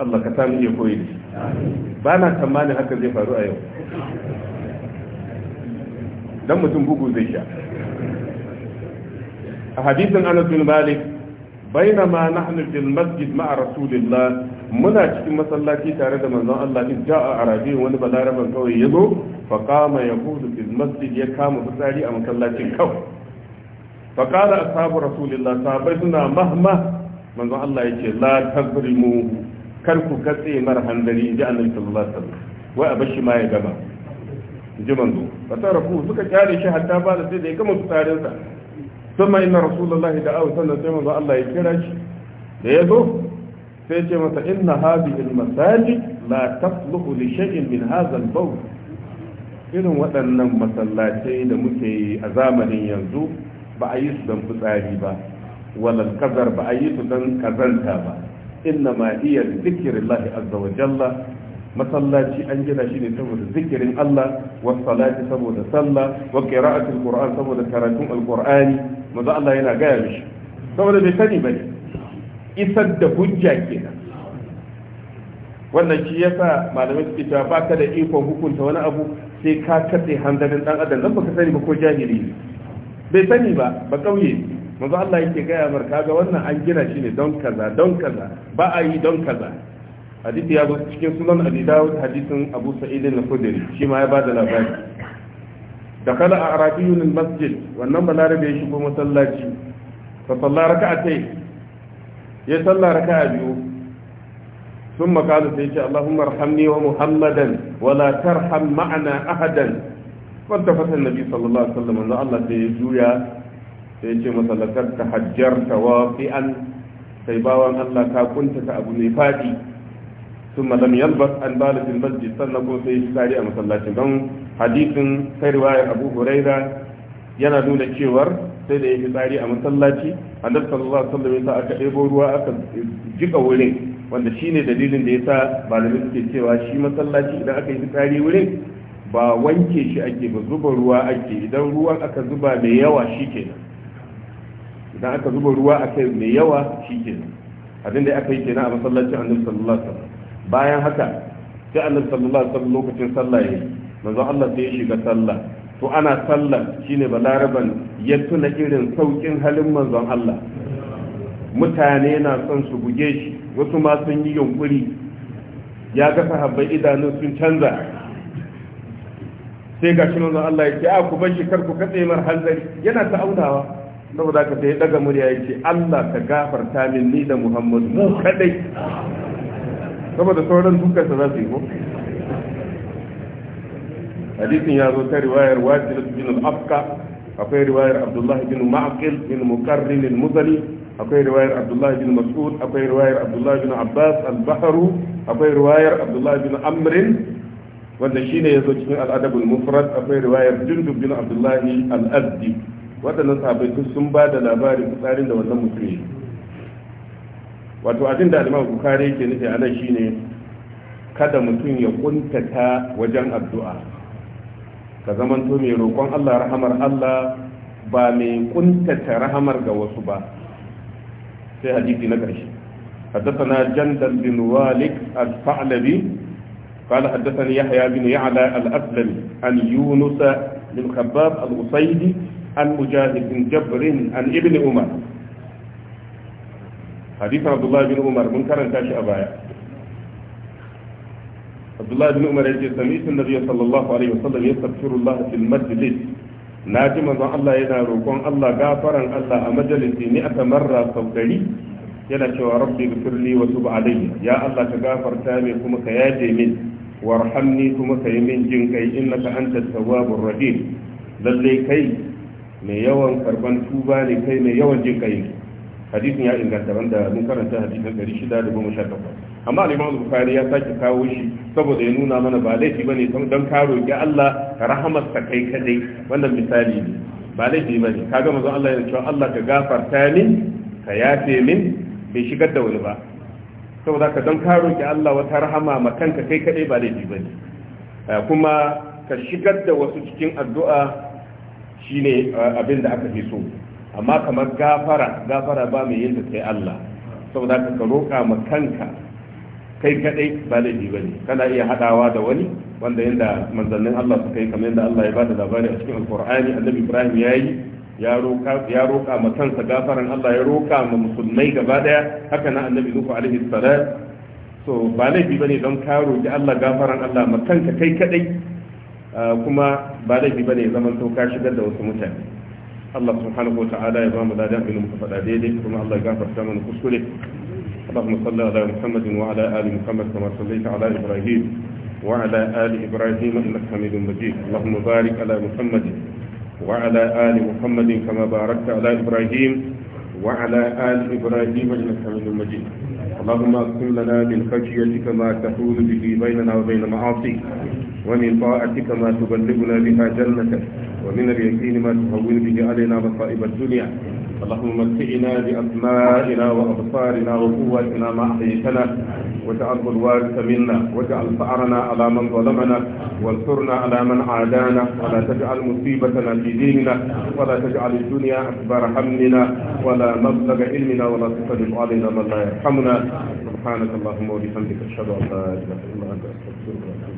Allah ka samu ya koyi da ba na tsammanin haka zai faru a yau dan mutum bugu zai sha a hadisin Anas bin Malik bainama nahnu fil masjid ma'a rasulillah muna cikin masallaci tare da manzon Allah in ja'a wani balaraban kawai yazo fa qama yahudu fil masjid ya kama fitsari a masallacin kawai fa qala ashabu rasulillah sahabbai suna mahma manzon Allah yace la tazrimu kar ku katse mar handari ji annabi sallallahu alaihi wai abashi ma ya gaba ji manzo fa tarafu suka shi hatta ba da sai da ya gama fitsarinsa sama ina rasulullahi da awu sallallahu alaihi wasallam Allah ya kira shi da ya zo sai ce masa inna hadhihi al-masajid la tasluhu li shay'in min hadha al irin waɗannan masallatai da muke yi a zamanin yanzu ba a yi su don fitsari ba walal kazar ba a yi su don kazanta ba inna ma iya zikirin lahi azza wa jalla masallaci an gina shi ne saboda zikirin Allah wa salati saboda sallah wa qira'atul qur'an saboda karatun alqur'ani manzo Allah yana gaya mishi saboda bai sani bane isar da hujja kenan wannan shi yasa malamai suke cewa baka da ikon hukunta wani abu sai ka katse hanzarin dan adam dan baka sani ba ko jahili ne bai sani ba ba kauye manzo Allah yake gaya mar kaga wannan an gina shi ne don kaza don kaza ba a yi don kaza hadisi ya zo cikin sunan abi dawud hadisin abu sa'id al-khudri shi ma ya bada labari dakala a'rabiyun al-masjid wannan balarabe ya shigo masallaci fa salla raka'atayn ya salla raka'a biyu ثم قال سيدي اللهم ارحمني ومحمدا ولا ترحم معنا احدا فالتفت النبي صلى الله عليه وسلم ان الله سيجويا سيجي مثلا تحجرت واطئا سيباوان الله كاكنت كابو نفادي ثم لم يلبس an balifin masjid sannan kuma sai shi tsari a masallaci don hadisin sai riwaya abu huraira yana nuna cewar sai da ya fi tsari a masallaci annabi sallallahu alaihi wasallam yasa aka ɗebo ruwa aka jika wurin wanda shine dalilin da yasa malamin suke cewa shi masallaci idan aka yi tsari wurin ba wanke shi ake ba zuba ruwa ake idan ruwan aka zuba mai yawa shikenan idan aka zuba ruwa aka mai yawa shikenan abin da aka yi kenan a masallacin annabi sallallahu alaihi wasallam bayan haka sai annabi sallallahu alaihi wasallam lokacin sallah yayi manzo Allah sai ya shiga sallah to ana sallah shine balaraban ya tuna irin saukin halin manzon Allah mutane na son su buge shi wasu ma sun yi yunkuri ya ga sahabbai idanun sun canza sai ga shi manzon Allah ya ce a ah, ku bashi kar ku katse mar hanzari yana ta audawa saboda ka sai daga murya ya ce Allah ka gafarta min ni da Muhammadu mu kadai saboda sauran dukansa za su yi ko hadisin ya zo ta riwayar wajil bin al-afka akwai riwayar abdullah bin ma'aqil bin mukarrin al-muzali akwai riwayar abdullah bin mas'ud akwai riwayar abdullah bin abbas al-bahru akwai riwayar abdullah bin amr wanda shine yazo cikin al-adab al-mufrad akwai riwayar jundub bin abdullah al-azdi wadannan sahabbai sun ba da labarin tsarin da wannan mutum wato abin da alimar bukari yake nufi a nan shine kada mutum ya kuntata wajen addu'a ka zamanto mai roƙon allah rahamar allah ba mai kuntata rahamar ga wasu ba sai hadisi na ƙarshe حدثنا جندل بن والد الثعلبي قال حدثني يحيى بن يعلى الأسلمي عن يونس بن خباب الأصيدي عن مجاهد بن جبر عن ابن عمر hadisin abdullahi bin umar mun karanta shi a baya abdullahi bin umar yace sami'tu nabiyyi sallallahu alaihi wasallam yastaghfiru Allah fil majlis na ji manzon Allah yana rokon Allah gafaran Allah a majalisi ni aka marra sau dari yana cewa rabbi ghfirli wa tub alayya ya Allah ka gafarta min kuma ka yaje min warhamni kuma ka yi min jin kai innaka antat tawwabur rahim lalle kai mai yawan karban tuba ne kai mai yawan jin kai hadisin ya inganta wanda mun karanta hadisin takwas. amma al-Imam Bukhari ya sake kawo shi saboda ya nuna mana ba laifi bane don ka roki Allah rahamar ta kai kadai wannan misali ne ba laifi bane gama manzo Allah ya ce Allah ka gafarta min ka yafe min bai shigar da wani ba saboda ka don ka roki Allah wata rahama ma kanka kai kadai ba laifi bane eh, kuma ka shigar da wasu cikin addu'a shine eh, abin da aka fi so amma kamar gafara gafara ba mai yin da sai Allah saboda ka ka roƙa ma kanka kai kadai ba laifi bane kana iya hadawa da wani wanda yanda manzannin Allah suka yi kamar yanda Allah ya ba da labari a cikin alqur'ani annabi Ibrahim yayi ya roƙa ya roƙa ma kansa gafaran Allah ya roƙa ma musulmai gaba daya haka nan annabi Nuhu alaihi salam so ba laifi bane don ka roƙi Allah gafaran Allah ma kanka kai kadai ah, kuma ba laifi bane zaman to ka shigar da wasu mutane Allah subhanahu wa ta'ala ya bamu dadin abin da muka faɗa daidai kuma Allah ya gafarta mana kuskure Allahumma salli ala Muhammad wa ala ali Muhammad kama sallaita ala Ibrahim wa ala ali Ibrahim innaka Hamidum Majid Allahumma barik ala Muhammad wa ala ali Muhammad kama barakta ala Ibrahim wa ala ali Ibrahim innaka Hamidum اللهم اقسم لنا من خشيتك ما تحول به بيننا وبين معاصيك ومن طاعتك ما تبلغنا بها جنتك ومن اليقين ما تهون به علينا مصائب الدنيا اللهم متعنا بأسمائنا وأبصارنا وقوتنا ما أحييتنا واجعله الوارث منا واجعل فأرنا على من ظلمنا وانصرنا على من عادانا ولا تجعل مصيبتنا في ديننا ولا تجعل الدنيا أكبر همنا ولا مبلغ علمنا ولا تسلط علينا من لا يرحمنا سبحانك اللهم وبحمدك أشهد أن لا إله إلا أنت أستغفرك